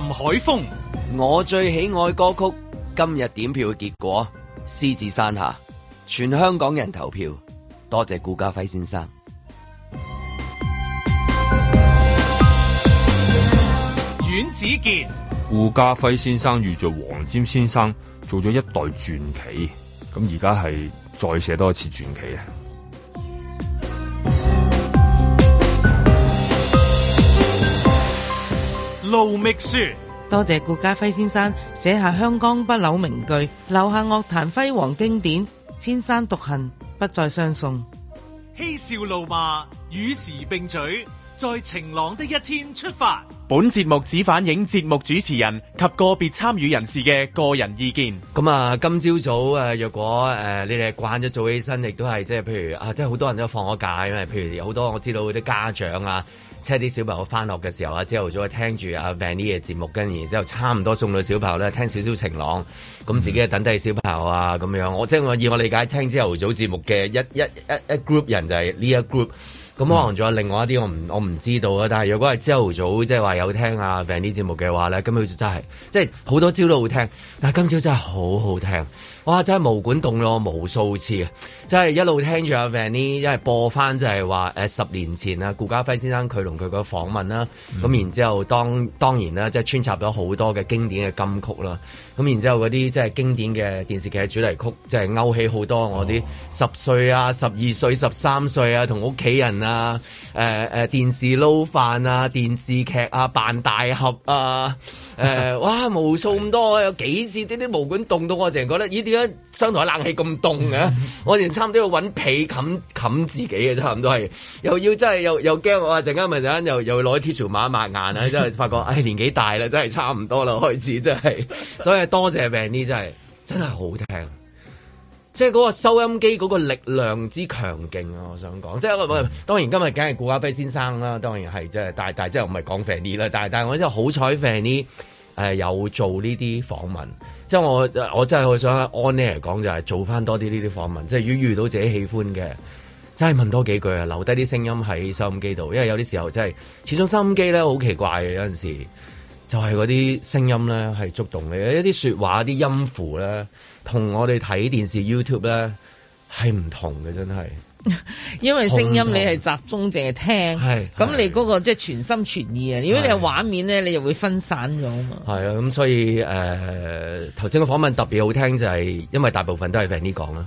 林海峰，我最喜愛歌曲。今日點票嘅結果，獅子山下，全香港人投票，多謝顧嘉輝先生。阮子健，顧嘉輝先生遇着黃霑先生，做咗一代傳奇。咁而家係再寫多一次傳奇啊！路未書，多謝顧嘉輝先生寫下香港不朽名句，留下樂壇輝煌經典，千山獨行，不再相送。嬉笑怒罵，與時並舉，在晴朗的一天出發。本節目只反映節目主持人及個別參與人士嘅個人意見。咁啊，今朝早誒，若果誒，你哋慣咗早起身，亦都係即係，譬如啊，即係好多人都放咗假，因為譬如有好多我知道嗰啲家長啊。即啲小朋友返學嘅時候啊，朝頭早聽住阿 Ben 啲嘅節目，跟然之後差唔多送到小朋友咧，聽少少晴朗，咁自己又等低小朋友啊咁樣。我即係我以我理解聽朝頭早節目嘅一一一一 group 人就係呢一 group，咁可能仲有另外一啲我唔我唔知道啊。但係如果係朝頭早即係話有聽阿 Ben 啲節目嘅話咧，咁佢就真係即係好多朝都會聽，但係今朝真係好好聽。哇！真係無管動咯無數次，真係一路聽住阿 Vanny e 係播翻就係話誒十年前啊，顧嘉煇先生佢同佢個訪問啦，咁、嗯、然之後當，當然啦，即係穿插咗好多嘅經典嘅金曲啦，咁然之後嗰啲即係經典嘅電視劇主題曲，即係勾起好多、哦、我啲十歲啊、十二歲、十三歲啊，同屋企人啊、呃、啊、電視撈飯啊、電視劇啊、扮大俠啊。誒、 呃，哇，無數咁多，有幾次啲啲毛管凍到我，淨係覺得咦點解商台冷氣咁凍嘅？我成差唔多要揾被冚冚自己嘅，差唔多係又要真係又又驚我話陣間咪陣間又又攞啲 tissue 抹一抹眼啊！真係發覺唉、哎、年紀大啦，真係差唔多啦，開始真係，所以多謝，謝 Vani 真係真係好聽。即係嗰個收音機嗰個力量之強勁啊！我想講，即係當然今日梗係顧嘉煇先生啦，當然係，即係但係但係即係唔係講肥呢啦，但係但，但，但我真係好彩肥呢誒有做呢啲訪問，即係我我真係好想按呢嚟講，就係做返多啲呢啲訪問，即係如果遇到自己喜歡嘅，真係問多幾句啊，留低啲聲音喺收音機度，因為有啲時候真係始終收音機咧好奇怪嘅，有陣時就係嗰啲聲音咧係觸動你，一啲說話啲音符咧。同我哋睇電視 YouTube 咧，係唔同嘅，真係。因為聲音你係集中淨係聽，咁你嗰個即係全心全意啊！如果你有畫面咧，你又會分散咗啊嘛。係啊，咁所以誒，頭先個訪問特別好聽就係，因為大部分都係 Vinnie 講啦。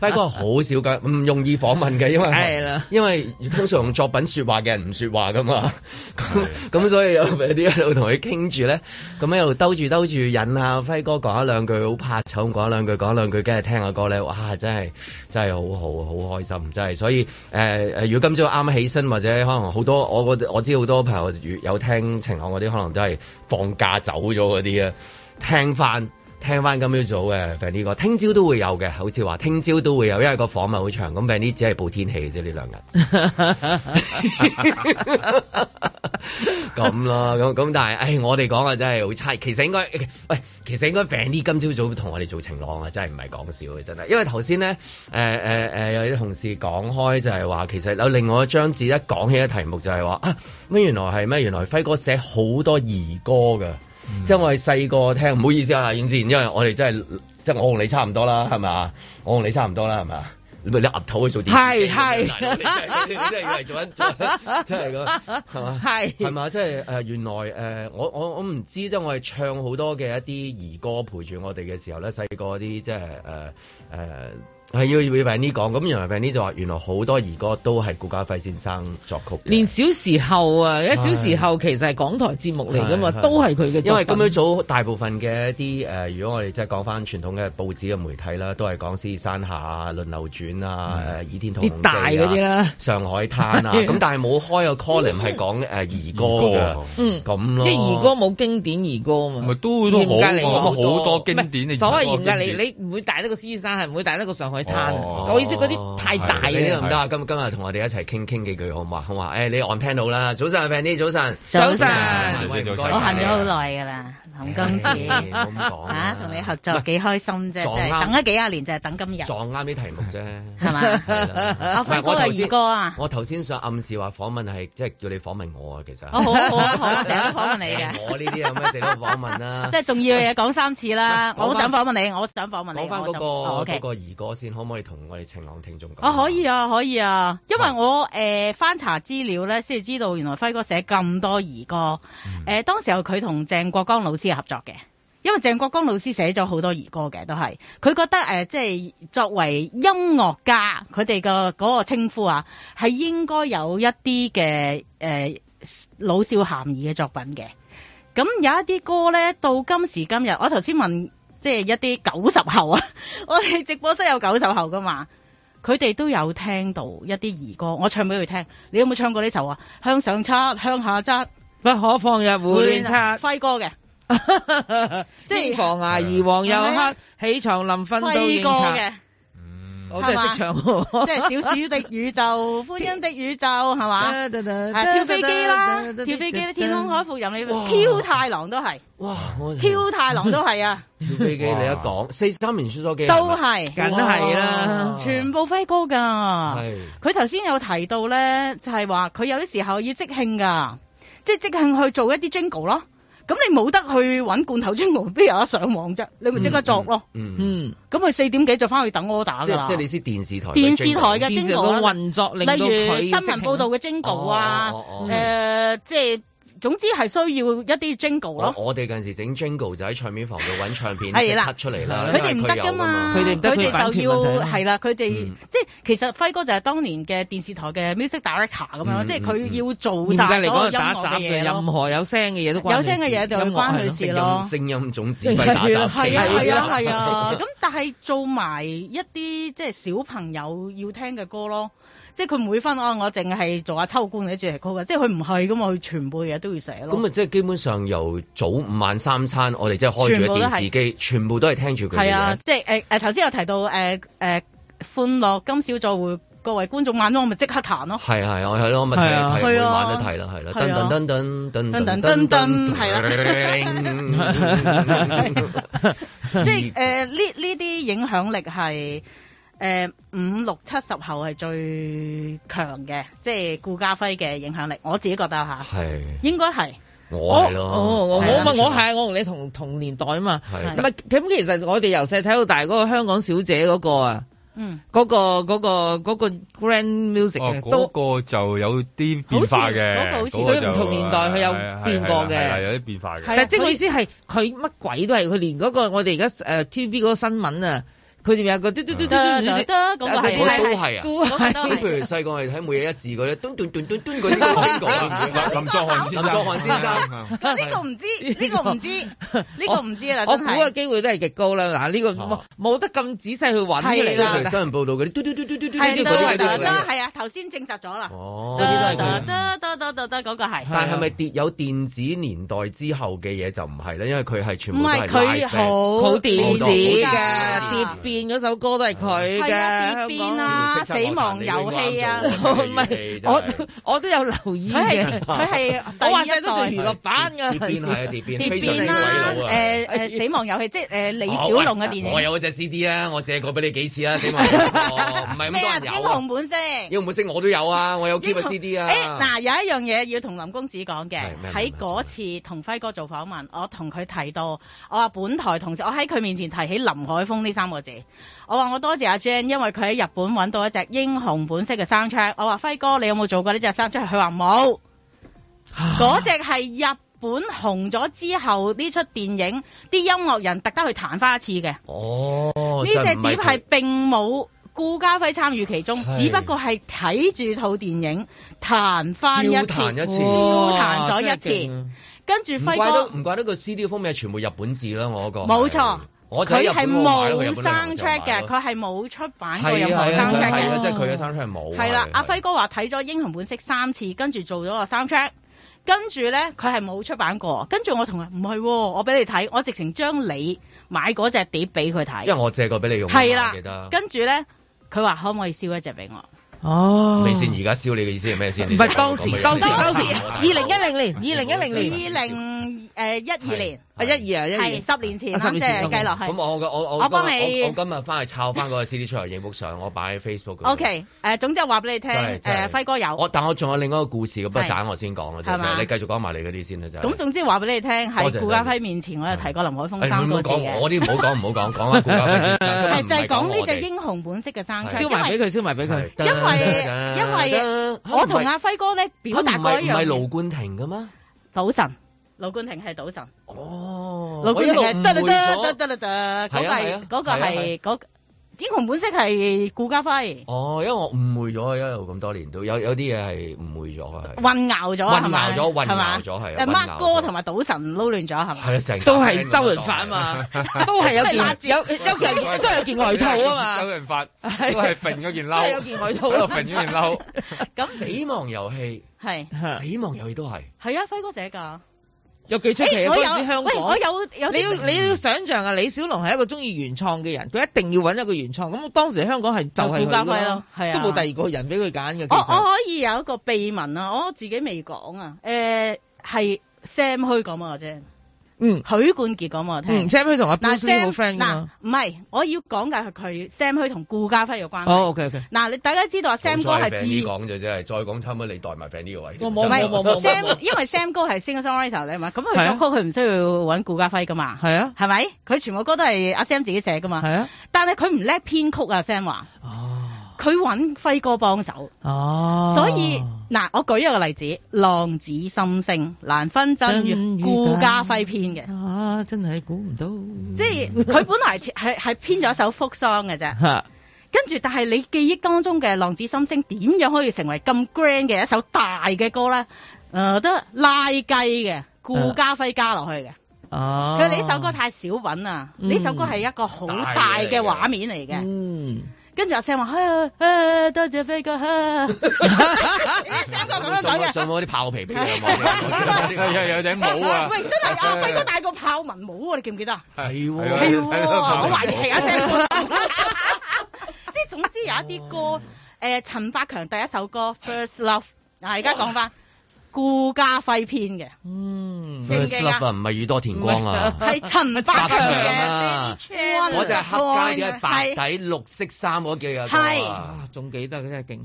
輝 哥好少講，唔容易訪問嘅，因為因為通常用作品說話嘅人唔說話噶嘛。咁 那 所以有 Vinnie 喺度同佢傾住咧，咁樣又兜住兜住引下輝哥講一兩句好怕醜，講一兩句講一兩句，梗係聽下歌咧。哇，真係真係好。好好開心，真係所以誒誒、呃，如果今朝啱起身，或者可能好多我我知好多朋友有聽晴朗嗰啲，可能都係放假走咗嗰啲啊，聽翻。聽翻今朝早嘅 Benny 哥，聽朝都會有嘅，好似話聽朝都會有，因為個訪問好長。咁 Benny 只係報天氣嘅啫，呢兩日咁啦。咁 咁 但係，誒我哋講嘅真係好差。其實應該喂，其實應該 Benny 今朝早同我哋做晴朗啊，真係唔係講笑嘅真。因為頭先咧，誒誒誒有啲同事講開就係話，其實有另外一張紙一講起嘅題目就係話啊，咩原來係咩？原來輝哥寫好多兒歌噶。嗯、即係我係細個聽，唔好意思啊，尹志源，因為我哋真係，即係我同你差唔多啦，係咪啊，我同你差唔多啦，係咪啊？你岌頭去做啲視，係你、就是、真係以啲真做緊做緊，真係咁，係嘛，係係嘛，即係誒、呃，原來誒、呃，我我我唔知，即係我係唱好多嘅一啲兒歌陪住我哋嘅時候咧，細個啲即係誒誒。呃呃係要袁偉尼講，咁袁偉尼就話：原來好多兒歌都係顧嘉煇先生作曲嘅。連小時候啊，因為小時候其實係港台節目嚟㗎嘛，都係佢嘅。因為咁樣做大部分嘅一啲誒，如果我哋即係講翻傳統嘅報紙嘅媒體啦，都係講獅子山下、輪流轉啊、誒、嗯、倚天屠龍。啲大嗰啲啦，上海灘啊，咁 但係冇開個 column 係講兒歌㗎，嗯，咁咯。即係兒歌冇經典兒歌啊嘛。唔係都嚴格嚟講啊，好多經典,經典。所謂嚴格你你唔會大得個獅子山，係唔會大得個上海。攤啊、哦！我意思嗰啲、哦、太大嗰唔得啊！今今日同我哋一齊傾傾幾句好唔好好嘛？誒、欸，你按 panel 啦！早晨，阿 Vannie 早晨，早晨，我行咗好耐噶啦。等金子嚇，同、啊、你合作幾開心啫，就是、等咗幾廿年就係等今日撞啱啲題目啫，係嘛？阿輝哥係兒歌啊！我頭先、啊、想暗示話訪問係即係叫你訪問我啊，其實我好好好，成日都 訪問你嘅。我呢啲有咩成日訪問啦、啊？即、啊、係、就是、重要嘅嘢講三次啦、啊！我想訪問你，說那個、我想訪問你。講翻嗰個嗰個兒歌先，可唔可以同我哋晴朗聽眾講？哦、啊，可以啊，可以啊，因為我誒、呃、翻查資料咧，先係知道原來輝哥寫咁多兒歌，誒、嗯呃、當時候佢同鄭國江老師。合作嘅，因為鄭國江老師寫咗好多兒歌嘅，都係佢覺得誒、呃，即係作為音樂家，佢哋個嗰個稱呼啊，係應該有一啲嘅誒老少咸宜嘅作品嘅。咁有一啲歌咧，到今時今日，我頭先問即係一啲九十後啊， 我哋直播室有九十後噶嘛，佢哋都有聽到一啲兒歌，我唱俾佢聽。你有冇唱過呢首啊？向上擦，向下擦，不可放入碗擦，輝哥嘅。即 係防牙而黃又黑， 起床臨瞓都應查。嗯，我真係識唱，即係《小小的宇宙，》 《歡欣的宇宙》係嘛、 啊？跳飛機啦，跳飛機、呃、天空海闊任你飛。Q、呃呃呃呃、太郎都係，哇！Q 太郎都係是啊，跳、 啊、飛機你一講，四三零穿梭機都係，梗係啦，全部飛哥㗎。係，佢頭先有提到咧，就係話佢有啲時候要即興㗎，即、就、係、是、即興去做一啲 jingle 咯。咁你冇得去揾罐頭蒸稿，邊有得上網啫，你咪即刻作咯。嗯嗯，咁佢四點幾就翻去等柯打啦。即係你先電視台，電視台嘅蒸稿運作，例如新聞報道嘅蒸稿啊，誒，即係總之係需要一啲 jingle 咯，啊、我哋近時整 jingle 就喺唱片房度揾唱片嚟 cut 出嚟啦。佢哋唔得㗎嘛，佢哋佢哋就要係啦。佢哋、嗯、即係其實輝哥就係當年嘅電視台嘅 music director 咁樣、嗯、即係佢要做，嗯嗯、做來個打雜咗音樂嘅嘢，任何有聲嘅嘢都關有聲嘅嘢就關佢事咯。聲音總指揮、打雜係啊係啊係啊。咁但係做埋一啲即係小朋友要聽嘅歌咯。即係佢唔會分安我，我淨係做下秋官嘅主題曲嘅，即係佢唔係咁佢全部嘢都要寫咯。咁啊，即係基本上由早午晚三餐，我哋即係開住電視機，全部都係聽住佢嘅。係啊，即係誒誒，頭先有提到誒誒、呃呃，歡樂今宵再會，各位觀眾晚安，我咪即刻彈咯。係係、啊，我係咯，我咪睇睇晚都睇啦，係啦、啊，噔噔噔噔噔噔噔噔。即係誒呢呢啲影響力係。誒、呃，五六七十後係最強嘅，即係顧嘉輝嘅影響力，我自己覺得吓，係、啊、應該係我係咯，哦，我、我，我係，我同你同同年代啊嘛，係咁？其實我哋由細睇到大嗰個香港小姐嗰個啊，嗰、那個嗰、那個嗰、那個 Grand Music 啊、哦，嗰、那個就有啲變化嘅，嗰、那個好似，都唔同年代佢、那個、有變過嘅，係有啲變化嘅，但係即係意思係佢乜鬼都係，佢連嗰、那個我哋而家誒 TVB 嗰個新聞啊。佢點有個嘟嘟嘟嘟嘟得，嗰、嗰個係、嗰個、都係啊！嗰啲譬如細個係睇每日一字嗰啲，嘟嘟嘟嘟嘟嗰啲，邊、呢個唔知林作漢，林作漢先生。呢、呢個唔知，呢、呢個唔、呢個、知，呢個唔知啦。我估嘅、呢個、機會都係極高啦。嗱，呢、呢個冇得咁仔細去揾嚟新聞報導嘟嘟嘟嘟嘟嘟嗰啲都得，係啊，頭先、嗰個、證實咗啦。哦，嗰啲都係得得得得得，嗰個係。但係咪跌有電子年代之後嘅嘢就唔係咧？因為佢係全部都係佢好好電子嘅。變嗰首歌都係佢嘅，變啊，啊！死亡遊戲啊，唔、哦就是、我我，我都有留意佢係佢係我話曬都做娛樂版嘅，變係啊！變、啊，變啦、啊！誒誒、 啊啊呃，死亡遊戲、哎、即係誒、呃、李小龍嘅電影，呃呃呃電影哦、我有隻 CD 啊，我借過俾你幾次啊，死亡唔係咩啊？英雄本色，英、啊、雄本色我都有啊，我有 keep 嘅 CD 啊。嗱有一樣嘢要同林公子講嘅，喺嗰次同輝哥做訪問，我同佢提到，我話本台同事，我喺佢面前提起林海峰呢三個字。我話我多謝阿 Jan 因為佢喺日本揾到一隻英雄本色嘅 soundtrack。我話輝哥，你有冇做過呢隻 soundtrack？佢話冇。嗰隻係日本紅咗之後呢出電影，啲音樂人特登去彈返一次嘅。哦，呢隻碟係並冇顧家輝參與其中，只不過係睇住套電影彈翻一次，照彈一次，彈咗一次。跟住輝哥，唔怪得，唔怪得個 CD 封面全部日本字啦，我嗰個。冇錯。佢係冇 soundtrack 嘅，佢係冇出版過任何 soundtrack 嘅。即係佢嘅 soundtrack 係冇。係、啊、啦、啊，阿輝哥話睇咗《英雄本色》三次，跟住做咗個 soundtrack，跟住咧佢係冇出版過。接著我跟住我同佢唔係，我俾你睇，我直情將你買嗰隻碟俾佢睇。因為我借過俾你用。係啦，跟住咧，佢話可唔可以燒一隻俾我？哦，未先，而家燒你嘅意思係咩先？唔係當時，當 時，當時，二零一零年，二零一零年，二零。誒一二年，係一二啊，係、uh, 十、uh, 年前，即、uh, 係、就是、計落去。咁我嘅我我幫你我我，我今日翻去抄翻嗰個 C D 出嚟影幅相，我擺喺 Facebook。O K，誒總之話俾你聽，誒、就是就是 uh, 輝哥有。我但我仲有另外一個故事嘅，不過等我先講你繼續講埋你嗰啲先啦，咁、就是、總之話俾你聽，喺顧家輝面前，謝謝我又提過林海峰。三個字嘅 我啲唔好講，唔好講，講啊！誒顧家輝就係講呢隻英雄本色嘅生燒埋俾佢，燒埋俾佢。因為因為我同阿輝哥咧表達過一樣嘢。唔係盧冠廷嘅嗎？賭神。.盧冠廷係賭神。哦，盧冠廷得啦得得得啦得，嗰個係嗰個係嗰英雄本色係顧嘉輝。哦，因為我誤會咗，因為我咁多年都有有啲嘢係誤會咗，係混淆咗，混淆咗，混淆咗係。誒，Mark 哥同埋賭神撈亂咗，係咪？係啊，成都係周潤發嘛，都係有件有周潤都有件外套啊嘛，周潤發都係揈嗰件褸，有件外套，揈嗰件褸。咁死亡遊戲係死亡遊戲都係係啊，輝哥者噶。有幾出奇啊、欸！當時香港，喂，我有有你要你要想象啊，李小龍係一個中意原創嘅人，佢一定要揾一個原創。咁當時香港係就係咁咯，係、就、啊、是，都冇第二個人俾佢揀嘅。我我可以有一個秘聞啊，我自己未講啊，誒、呃、係 Sam 去講嘅啫。嗯，許冠傑講我聽。嗯、Sam 同阿邊個先冇 friend 噶嘛？嗱，唔係，我要講嘅係佢 Sam 同顧嘉輝嘅關係。哦，OK, OK。嗱，你大家知道阿 Sam 哥係知。再講啲講就再講差唔多你代埋 band 呢個位。冇冇冇，Sam 因為 Sam 哥係 singer songwriter 嚟嘛，咁佢啲歌佢唔需要揾顧嘉輝噶嘛。係啊，係咪？佢全部歌都係阿 Sam 自己寫噶嘛。係啊，但係佢唔叻編曲啊，Sam 話。哦。佢揾輝哥幫手。哦。所以。嗱、啊，我舉一個例子，《浪子心聲》難分真與顧嘉輝編嘅。啊，真係估唔到！ 即係佢本來係係編咗一首 folk song 嘅啫。嚇！跟住，但係你記憶當中嘅《浪子心聲》點樣可以成為咁 grand 嘅一首大嘅歌咧？誒、呃，都拉雞嘅，顧嘉輝加落去嘅。哦、啊！佢哋呢首歌太小品啊！呢首歌係一個好大嘅畫面嚟嘅。嗯。跟住阿 Sam 話，多謝飛哥樣皮皮樣。哈哈哈！送我啲豹皮俾你啊嘛！又又頂帽啊！喂，真係 啊，飛、啊 啊啊、哥戴個豹紋帽喎、啊，你記唔記得對、喔、對啊？係喎，係喎，我懷疑係阿 Sam，即係總之有一啲歌，誒、呃，陳百強第一首歌《First Love》，嗱，而家講翻。顧嘉輝編嘅，嗯，唔係宇多田光啊，係陳百強嘅，就只黑加啲白底綠色衫嗰幾個歌啊，仲記得佢真係勁，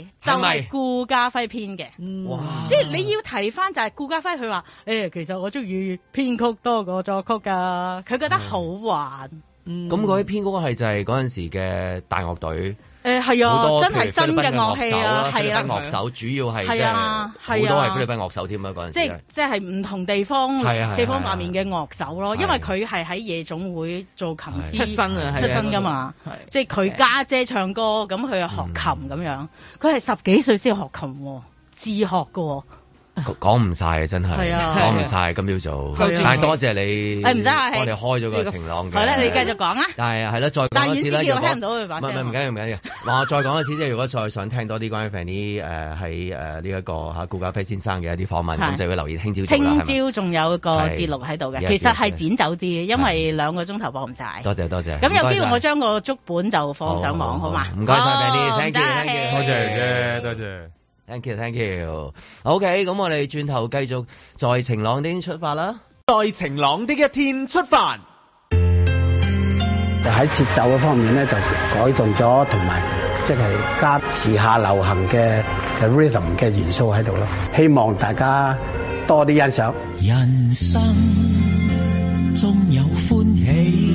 係就係顧嘉輝編嘅，哇，即係你要提翻就係顧嘉輝佢話誒，其實我中意編曲多過作曲噶、啊，佢覺得好玩，咁嗰啲編曲係就係嗰陣時嘅大樂隊。誒、欸、係啊，真係真嘅樂器樂啊，菲律賓樂手主要係，係啊，係、就、好、係啊、多係菲律賓樂手添啊，嗰陣、啊，即係即係唔同地方、啊、地方下面嘅樂手囉、啊。因為佢係喺夜總會做琴師、啊、出身㗎、啊啊啊、嘛，即係佢家姐唱歌咁，佢、啊、又學琴咁樣，佢係、啊、十幾歲先學琴，喎、嗯，自學㗎、啊。喎。講唔晒啊，真係講唔晒，啊啊、今朝早，啊、但多謝，謝你，啊、我哋開咗個晴朗。好啦，你繼續講啦。但係係啦，再講一次啦。但聽唔唔唔緊要，唔緊要。哇，再講一次啫，如果再想聽多啲關於 Frankie 喺呢一個顧嘉輝先生嘅一啲訪問，咁、嗯、就會留意聽朝。聽朝仲有個節錄喺度嘅，其實係剪走啲，因為兩個鐘頭播唔曬。多謝多謝。咁有機會我將個足本就放上網，好嘛？唔該晒，Frankie，thank you，thank you，多謝，多謝。Thank you thank you，OK，okay，咁我哋轉頭繼續在晴朗天出發啦，在晴朗的一天出發。喺節奏 嘅方面咧，就改動咗，同埋即係加時下流行嘅 rhythm 嘅元素喺度咯，希望大家多啲欣賞。人生總有歡喜，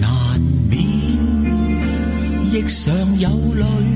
難免亦常有淚。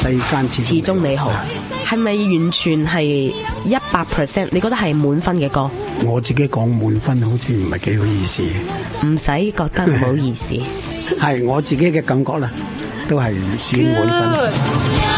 世間始終你好，係咪完全係一百 percent？你覺得係滿分嘅歌？我自己講滿分，好似唔係幾好意思。唔使覺得唔好意思，係 我自己嘅感覺啦，都係算滿分。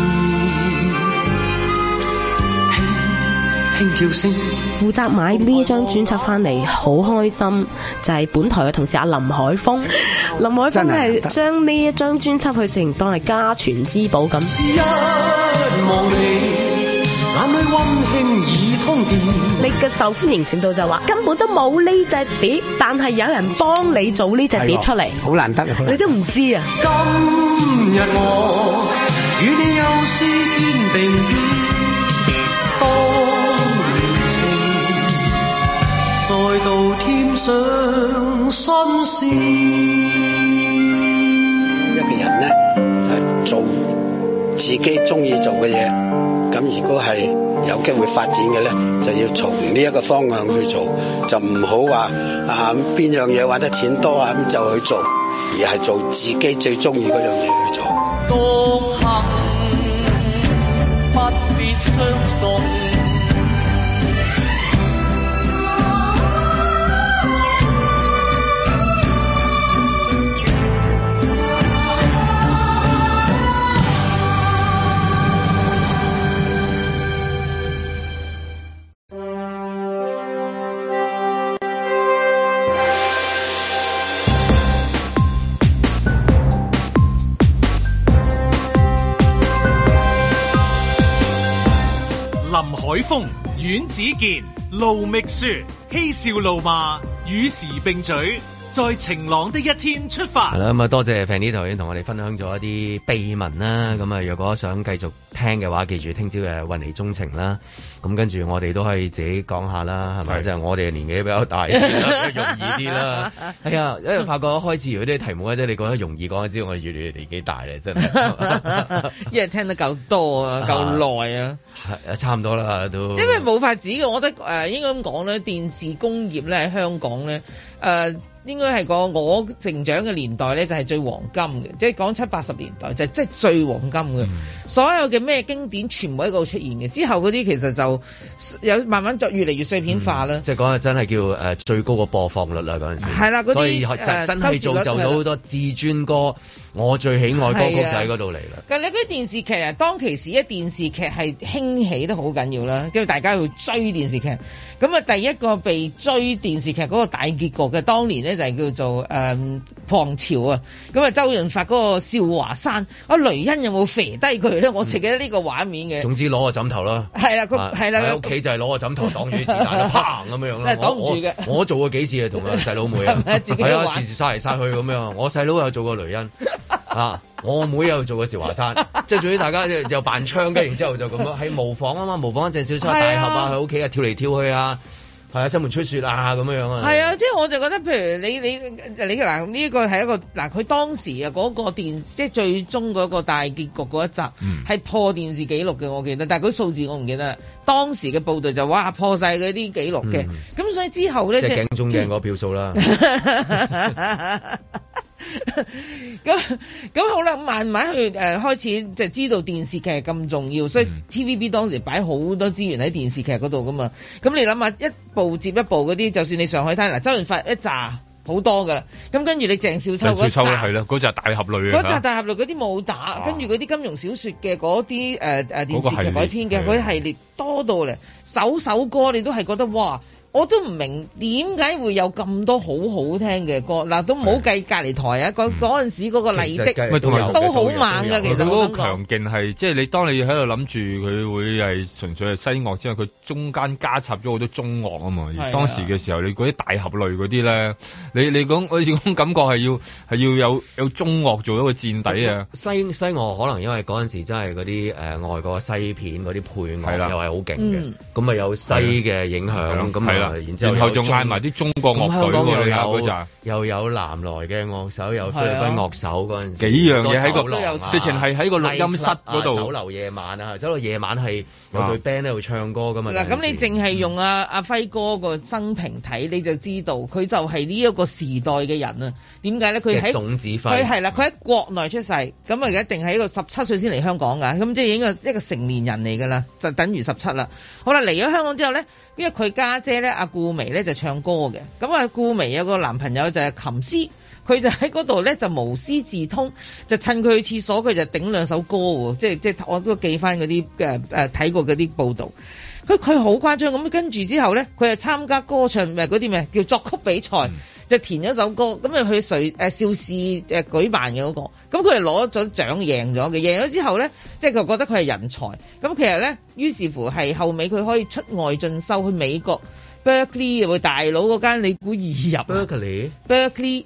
負責買呢張專輯翻嚟，好開心。就係、是、本台嘅同事阿林海峰，林海峰係將呢一張專輯去淨當係家傳之寶咁。一望你，眼裏溫馨已通電。你嘅受歡迎程度就話根本都冇呢隻碟，但係有人幫你做呢隻碟出嚟，好、啊、難得你都唔知，知啊。今日我與你又是天並。到天上新鮮一個人呢，係做自己中意做嘅嘢，咁如果係有機會發展嘅咧，就要從呢一個方向去做，就唔好話啊邊樣嘢玩得錢多啊咁就去做，而係做自己最中意嗰樣嘢去做。多幸，不必相阮子健、盧覓雪，嬉笑怒罵，與時並舉。在晴朗的一天出發。係啦，咁啊，多謝 Penny 頭先同我哋分享咗一啲秘聞啦。咁啊，若果想繼續聽嘅話，記住聽朝嘅運泥中情啦。咁跟住我哋都可以自己講下啦，係咪？即係、就是、我哋嘅年紀比較大， 容易啲啦。係 啊、哎，因為發覺開始如果啲題目咧，即你覺得容易講之時候，我哋越嚟越年紀大咧，真係。因 為 yeah, 聽得夠多啊，夠耐啊。差唔多啦都。因為冇法子我覺得誒、呃、應該咁講咧，電視工業咧喺香港咧誒。呃應該係個我成長嘅年代咧，就係、是、最黃金嘅，即係講七八十年代就即、是、係最黃金嘅，所有嘅咩經典全部喺度出現嘅。之後嗰啲其實就有慢慢就越嚟越碎片化啦、嗯。即係講下真係叫誒、呃、最高嘅播放率啦嗰陣時。係啦，所以真係造就咗好多至尊歌。嗯。我最喜愛歌曲仔嗰度嚟啦。咁你嗰啲電視劇啊，當其時咧電視劇係興起得好緊要啦，跟住大家去追電視劇。咁啊，第一個被追電視劇嗰個大結局嘅，當年咧就係叫做誒狂、嗯、潮啊。咁啊，周潤發嗰個邵華山啊，雷恩有冇射低佢咧？我記得呢個畫面嘅、嗯。總之攞個枕頭啦。係啦、啊，佢係啦，喺屋企就係攞個枕頭擋 住啲子彈都砰咁樣樣擋唔住嘅。我做過幾次啊，同阿細佬妹啊，係 啊，時時殺嚟殺去咁樣。我細佬有做過雷恩。 啊！我阿妹又做過韶華山， 即係總之大家又扮槍嘅，然之後就咁樣喺模仿啊嘛，模仿阿鄭少秋大俠啊，喺屋企啊跳嚟跳去啊，係啊，西門吹雪啊咁樣樣啊。係啊，即、就、係、是、我就覺得，譬如你你你嗱，呢、這個係一個嗱，佢當時啊嗰個電，即係最終嗰個大結局嗰一集係、嗯、破電視紀錄嘅，我記得，但係佢數字我唔記得。當時嘅部隊就哇破晒嗰啲紀錄嘅，咁、嗯、所以之後咧即係鏡中鏡嗰個票數啦。咁 咁好啦，慢慢去誒、呃、開始就係知道電視劇咁重要，所以 TVB 當時擺好多資源喺電視劇嗰度噶嘛。咁你諗下，一部接一部嗰啲，就算你上海灘嗱、啊，周潤發一扎好多噶啦。咁跟住你鄭少秋嗰扎係嗰扎大俠類，嗰扎大俠類嗰啲武打，跟住嗰啲金庸小說嘅嗰啲誒誒電視劇改編嘅嗰啲系列多到咧，首首歌你都係覺得哇！我都唔明點解會有咁多好好聽嘅歌嗱、啊，都唔好計隔離台呀、啊。嗰、嗯、陣時嗰個麗的都好猛㗎。其實嗰個強勁係即係你當你喺度諗住佢會係純粹係西樂，之後佢中間加插咗好多中樂啊嘛！啊而當時嘅時候，你嗰啲大合類嗰啲呢，你你講我以講感覺係要係要有，有中樂做一個墊底呀。西西樂可能因為嗰陣時真係嗰啲外國西片嗰啲配樂又係好勁嘅，咁啊有西嘅影響然之後仲嗌埋啲中國樂隊，又有又有南來嘅樂手，啊、有菲律賓樂手嗰陣時，幾樣嘢喺個直情係喺個錄音室嗰度。酒、啊、樓夜晚啊，酒樓夜晚係。 有對 band 喺度唱歌噶嘛？嗱、嗯，咁你淨係用阿阿輝哥個生平睇、嗯，你就知道佢就係呢一個時代嘅人啊？點解咧？佢喺佢係啦，佢喺國內出世，咁啊一定係一個十七歲先嚟香港噶，咁即係已經一個成年人嚟噶啦，就等於十七啦。好啦，嚟咗香港之後咧，因為佢家姐咧阿顧媚咧就唱歌嘅，咁啊顧媚有個男朋友就係琴師。佢就喺嗰度咧，就無師自通，就趁佢去廁所，佢就頂兩首歌喎。即係即係我都記翻嗰啲誒睇過嗰啲報道。佢佢好誇張咁，跟住之後咧，佢就參加歌唱唔係嗰啲咩叫作曲比賽，嗯、就填咗首歌咁啊去瑞誒、呃、邵氏誒舉辦嘅嗰、嗰個。咁佢係攞咗獎，贏咗嘅。贏咗之後咧，即係佢覺得佢係人才。咁其實咧，於是乎係後尾佢可以出外進修去美國 Berkeley，大佬嗰間你估易入？Berkeley，Berkeley。Berkeley? Berkeley,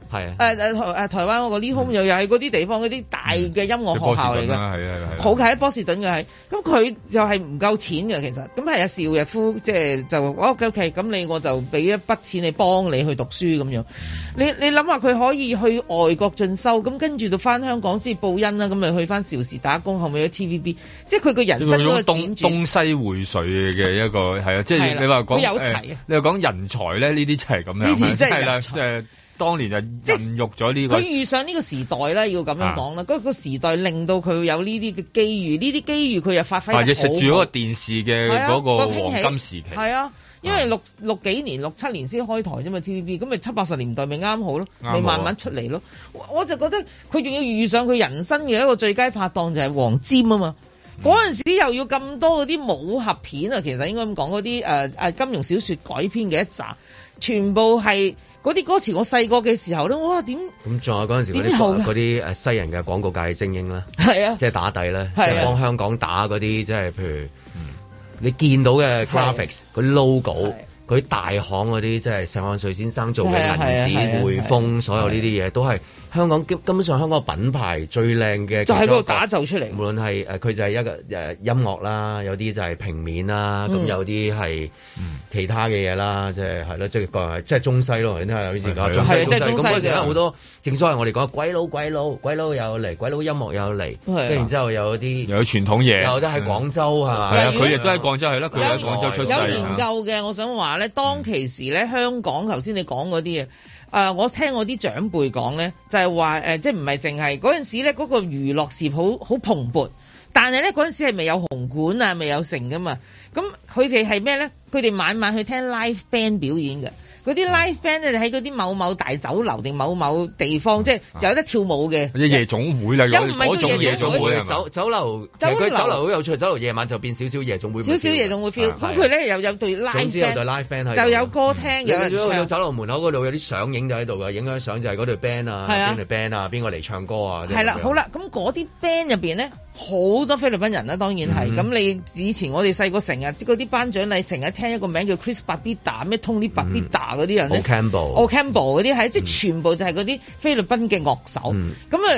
係誒誒台灣嗰個 LiHo 又又係嗰啲地方嗰啲大嘅音樂學校嚟嘅，好喺波士頓嘅、啊、係。咁佢又係唔夠錢嘅，其實咁係阿邵逸夫即係就 O K O K，咁你我就俾一筆錢你幫你去讀書咁樣。你你諗下佢可以去外國進修，咁跟住到翻香港先報恩啦，咁、嗯、咪去翻邵氏打工後尾喺 T V B，即係佢個人生嗰個東東西匯水嘅一個係 啊，即、呃、係你話講佢有齊啊，你話講人才咧，呢啲就係咁樣係啦，即係。當年就孕育咗呢個，佢遇上呢個時代呢，要咁樣講啦。嗰、啊那個時代令到佢有呢啲嘅機遇，呢啲機遇佢又發揮好。或者食住嗰個電視嘅嗰個、啊、黃金時期。係啊，因為六、啊、六幾年、六七年先開台啫嘛，TVB 咁咪七八十年代咪啱好咯，咪慢慢出嚟咯。我就覺得佢仲要遇上佢人生嘅一個最佳拍檔就係黃霑啊嘛。嗰、嗯、陣時又要咁多嗰啲武俠片啊，其實應該咁講嗰啲誒誒金庸小説改編嘅一集，全部係。嗰啲歌詞，我細個嘅時候咧，哇點？咁仲有嗰陣時嗰啲嗰啲誒西人嘅廣告界嘅精英咧，係啊，即係打底咧，係、啊，即係幫香港打嗰啲即係譬如你 graphics、啊，你見到嘅 graphics、個 logo、嗰啲大行嗰啲，即係石漢瑞先生做嘅銀紙、啊啊啊啊、匯豐、啊啊、所有呢啲嘢都係。香港基本上香港品牌最靚嘅，就係、是、個打造出嚟。無論係誒，佢、呃、就係一個誒、呃、音樂啦，有啲就係平面啦，咁、嗯、有啲係、嗯、其他嘅嘢啦，即係係咯，即係即係中西咯，而家係好似講中西中西。咁嗰陣好多，正所謂我哋講鬼佬鬼佬鬼佬有嚟，鬼佬音樂有嚟，跟住然後之後有啲有傳統嘢，有啲喺廣州係嘛？係啊，佢亦都喺廣州係啦。佢喺廣州出世。有研究嘅，我想話咧，當其時咧，香港頭先你講嗰啲嘢。誒、呃，我聽我啲長輩講咧，就係、是、話，誒、呃，即係唔係淨係嗰陣時咧，嗰、那個娛樂事好好蓬勃，但係咧嗰陣時係咪有紅館啊，未有成噶嘛？咁佢哋係咩咧？佢哋晚晚去聽 live band 表演嘅。嗰啲 live band 咧，就喺嗰啲某某大酒樓定某某地方，即係有得跳舞嘅，啊。啊、夜總會啦，又唔係嗰種夜總會，酒酒樓，酒，樓酒樓。酒樓好有趣，酒樓夜晚就變少少少少夜會，嗯、總會少少夜總會 feel。咁佢咧又有對 live band，就有，有歌聽，嗯。有。酒樓門口嗰度有啲相影就喺度嘅，影啲相就係嗰隊 band 啊？邊隊，啊、band 啊，邊個嚟唱歌啊？係啦，啊，啊、好啦，咁嗰啲 band 入邊咧好多菲律賓人啦，啊，當然係。咁、嗯嗯、你以前我哋細個成日啲嗰啲班長咧，成日聽一個名叫 Chris Batista 咩 Tony Batista 啲人咧，哦 Campbell，p 哦 Campbell 嗰啲係，即係全部就係嗰啲菲律賓嘅樂手。咁、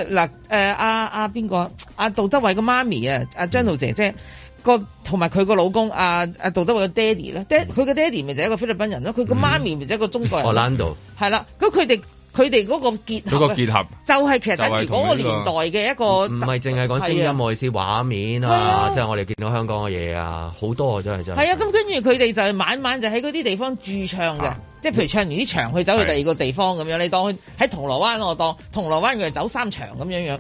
嗯、啊嗱，誒、啊，阿阿邊個阿、啊、杜德偉嘅媽咪啊，阿張露姐姐個同埋佢個老公阿阿、啊啊、杜德偉嘅爹哋咧，爹佢嘅爹哋咪就係一個菲律賓人咯，佢個媽咪咪就係一個中國人。荷蘭度係啦，咁佢哋。 佢哋嗰個結合，嗰個結合就係其實係嗰個年代嘅一,一個，唔係淨係講聲音，我意思畫面啊，即係、啊就係、我哋見到香港嘅嘢啊，好多啊真係真係。係啊，咁跟住佢哋就係晚晚就喺嗰啲地方駐唱嘅，即、啊、係譬如唱完啲場，去走去第二個地方咁樣、嗯。你當喺銅鑼灣，我當銅鑼灣佢就走三場咁樣樣。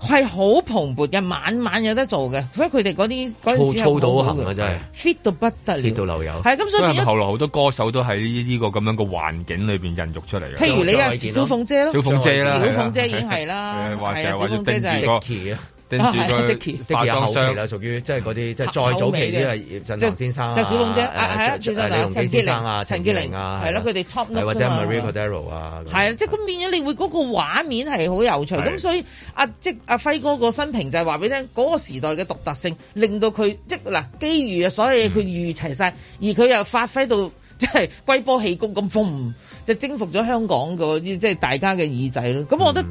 係好蓬勃嘅，晚晚有得做嘅，所以佢哋嗰啲嗰陣時好嘅，fit 到不得了，keep 到流油。係咁，所以後來好多歌手都喺呢個個咁樣嘅環境裏邊孕育出嚟嘅。譬如你有小鳳姐咯，小鳳姐啦，啦小鳳姐已經係啦，係 啊，小鳳姐就係、是 啊，迪迪迪有後期啦，屬於即係嗰啲即係再早期啲啊，葉、啊、振棠、啊啊、先生啊，陳潔玲啊，係咯，佢哋 top 或者 Maria Cordero 啊，係啊，啊，即係咁變咗，你會嗰個畫面係好有趣。咁所以阿即阿輝哥個新評就係話俾你聽，嗰、那個時代嘅獨特性令到佢即嗱機、啊、遇啊，所以佢預齊晒、嗯，而佢又發揮到即係龜波氣功咁風，就征服咗香港啲，即係大家嘅耳仔咯。咁我覺得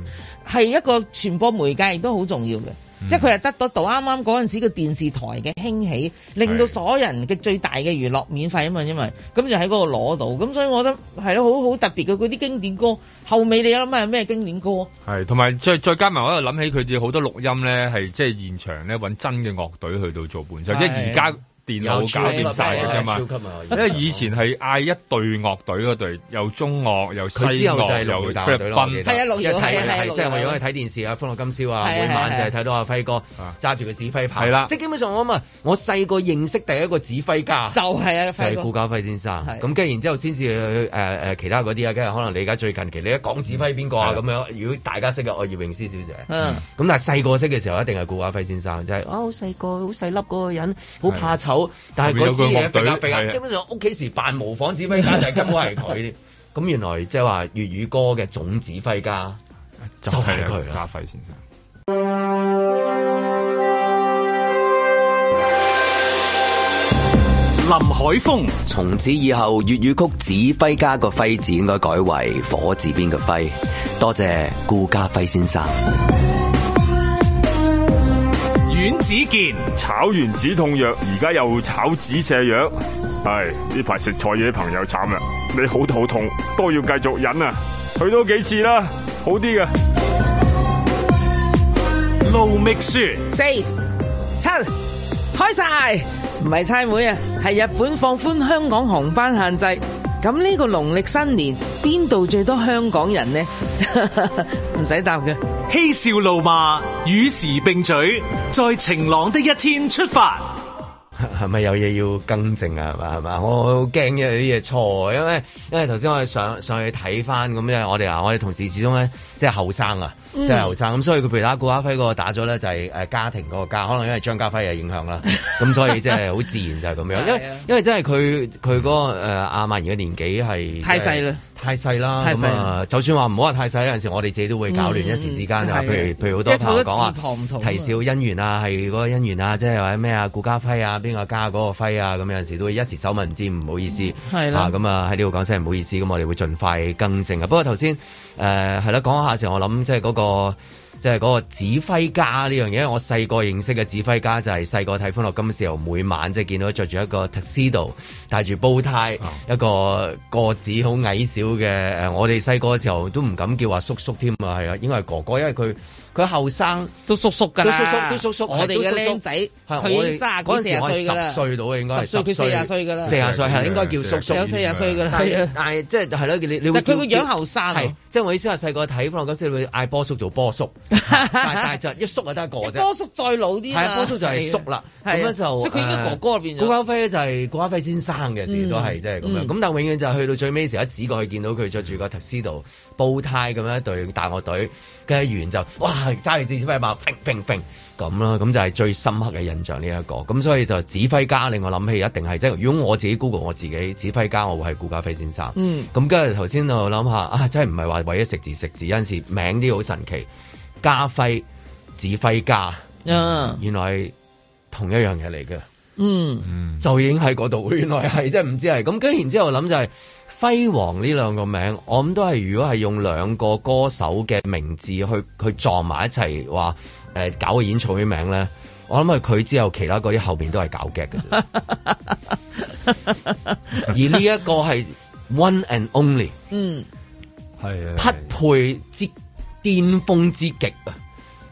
係一個傳播媒介亦都好重要嘅。嗯、即係佢係得到度，啱啱嗰陣時個電視台嘅興起，令到所有人嘅最大嘅娛樂免費啊嘛，因為咁就喺嗰度攞到，咁所以我覺得係咯，好好特別嘅嗰啲經典歌，後尾你有諗下咩經典歌啊？係，同埋再再加埋我又諗起佢哋好多錄音咧，係即係現場咧揾真嘅樂隊去到做伴奏，即係而家。電腦搞掂晒嘅啫嘛，因為以前係嗌一隊樂隊嗰隊，有中樂又西樂又菲律賓，係啊，六二好即係我，我、就係就係、如果家睇電視啊，《歡樂今宵》啊，每晚就係睇到阿輝哥揸住個指揮棒，啦、啊，即係基本上我咁啊，我細個認識第一個指揮家係、啊、就係啊，輝哥就係顧嘉輝先生。咁跟住然之後先至去誒其他嗰啲啊，跟住可能你而家最近期你一講指揮邊個啊咁樣，如果大家識嘅葉詠詩小姐，嗯，咁但係細個識嘅時候一定係顧嘉輝先生，即係啊好細、呃、個好細粒嗰個人，好怕醜。但係嗰支嘅，基本上屋企時扮模仿指揮家， 家就根本係佢。咁原來即係話粵語歌嘅總指揮家就係佢啦，顧家輝先生。林海峰，從 此以後粵語曲指揮家個輝字應該改為火字邊嘅輝。多謝顧家輝先生。阮子健炒完止痛藥，而家又炒止瀉藥，唉，呢排食菜嘢朋友慘啦，你好肚痛，都要繼續忍啊，去多幾次啦，好啲㗎。盧覓雪四七開晒，唔係差妹啊，係日本放寬香港航班限制。咁呢個農曆新年邊度最多香港人咧？唔 使答嘅。嬉笑怒罵，與時並舉，在晴朗的一天出發。係 咪有嘢要更正啊？係嘛係嘛，我好驚一啲嘢錯，因為因為頭先我哋上上去睇翻咁，因為我哋啊我哋同事始終咧即係後生啊，即係後生，咁、嗯、所以佢譬如打顧家輝嗰個打咗咧就係、誒、家庭嗰個家，可能因為張家輝嘅影響啦，咁 所以即係好自然就係咁樣， 因為因為真係佢佢嗰個阿亞曼嘅年紀係、就是、太細啦。太細啦、啊，就算話唔好話太細，有陣時我哋自己都會搞亂，一時之間又話，譬、嗯、如譬如好多朋友講啊，啼笑姻緣啊，係嗰個姻緣啊，即係話咩啊，顧家輝啊，邊個家嗰個輝啊，咁有陣時都會一時手忙腳亂，唔好意思，咁、嗯、啊喺呢度講聲，唔好意思，咁我哋會盡快更正啊。不過頭先誒係啦，講下時我諗即係嗰個。即係嗰個指揮家呢樣嘢，因為我細個認識嘅指揮家就係細個睇歡樂今時候，時候每晚即係見到着住一個 tuxedo，戴住煲呔，oh. 一個個子好矮小嘅誒，我哋細個嘅時候都唔敢叫話叔叔添啊，係啊，應該係哥哥，因為佢。佢後生都叔叔㗎啦、啊，都叔叔，都叔叔，我哋嘅僆仔，佢已經卅幾十歲啦，十歲到嘅應該十，十佢四廿歲嘅啦，四廿歲係應該叫叔叔，四廿歲啦，但係、啊、即係係咯，你佢個樣後生、啊，即我意思話細個睇翻嗰陣時會嗌波叔做波叔， 但係就一叔就得個啫， 一波叔再老啲、啊，係波叔就係叔啦，咁樣就，即佢應該哥哥入邊。郭、啊、家輝就係郭家輝先生嘅，似都係即係咁樣，咁但永遠就去到最尾時候一指過去見到佢着住個特斯道煲呔咁樣一隊大樂隊嘅一員就哇！揸住支指揮棒，平平平咁啦，咁就係最深刻嘅印象呢一個，咁所以就指揮家令我諗起一定係，即係如果我自己 Google 我自己指揮家，我會係顧嘉煇先生。嗯，咁跟住頭先我諗下，啊真係唔係話為咗食字食字，有陣時名啲好神奇，嘉煇指揮家、嗯啊、原來係同一樣嘢嚟嘅。嗯，就已經喺嗰度，原來係即係唔知係，咁跟然之後諗就係。輝煌呢兩個名，我諗都係如果係用兩個歌手嘅名字去去撞埋一齊話，誒、呃、搞個演唱會名咧，我諗係佢之後其他嗰啲後邊都係搞嘅， 而呢一個係 one and only， 嗯，係匹配之巔峰之極啊，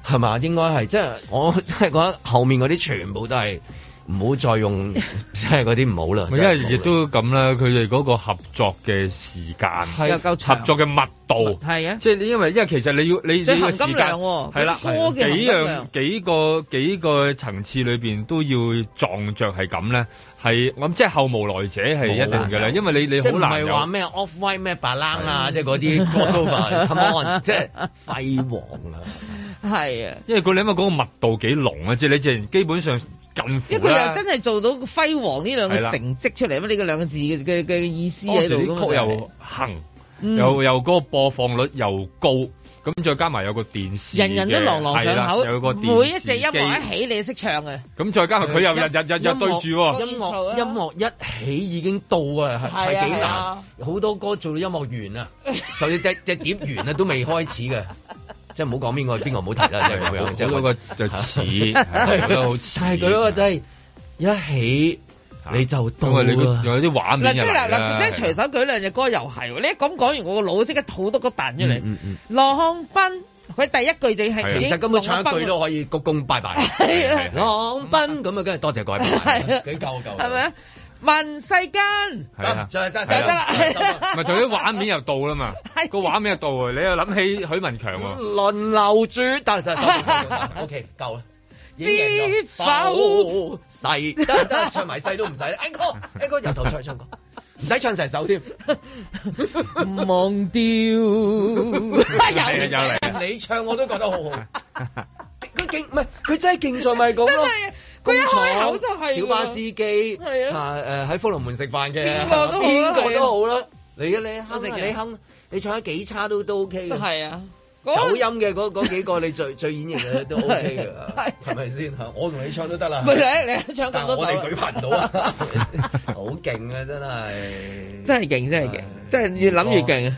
係嘛？應該係即係我真係覺得後面嗰啲全部都係。唔好再用好，即係嗰啲唔好啦。因為亦都咁啦，佢哋嗰個合作嘅時間，係、啊、合作嘅密度，係啊。即係你因為因為其實你要你，即係、啊、時間係啦，幾樣幾個幾個層次裏邊都要撞著係咁咧。係我諗即係後無來者係一定㗎啦、啊。因為你你好難即係唔係話咩 off white 咩白狼啊，即係嗰啲啊，即係輝煌啊，係啊。因為佢你因嗰個密度幾濃啊，即係你基本上。一佢、啊、又真係做到輝煌呢兩個成績出嚟乜？呢個兩個字嘅嘅意思喺度。曲又行，又又嗰個播放率又高，咁再加埋有個電視，人人都朗朗上口，有一個電視每一隻音樂一起你都識唱嘅、啊。咁再加埋佢又日日日日對住喎，音樂、啊、音，樂，音，樂音樂一起已經到啊，係幾、啊、難。好、啊啊、多歌做到音樂完啊，甚至隻碟完啊都未開始嘅。即係唔好講邊個，邊個唔好提啦。即係咁樣，就嗰個就似，但係佢嗰個真係一起你就到。因為你會有啲畫面。嗱即係嗱嗱，即係隨手舉兩隻歌又係喎。你一咁講完，我個腦即刻吐多個彈出嚟。羅漢斌佢第一句就係。其實根本唱一句都可以鞠躬拜拜。羅漢斌咁啊，今日多謝各位，幾舊舊。係咪啊？問世間就係就係得啦。咪，嗰啲畫面又到啦嘛。個畫面度，你又諗起許文強喎、啊。輪流住，但係就。O K，夠啦。知否？嚟，得、OK, 得，唱埋細都唔使。a n g i e a n g 頭唱唱歌，唔使唱成首添。忘 掉夢妙。 又嚟，你唱我都覺得好好。佢勁唔係，佢真係勁在咪講咯。佢一開口，口就係。小巴司機。係啊。誒、啊、喺福龍門食飯嘅。邊個都好啦、啊。你而你哼，你哼你唱得幾差都都 O K 嘅，係啊，走音嘅嗰幾幾個你最 最演繹嘅都 O K 嘅，係咪先？我同你唱都得啦，唔係你你、啊、唱咁多但我、 啊越越啊，我哋舉頻唔到啊，好勁啊真係，真係勁真係勁，真係越諗越勁啊！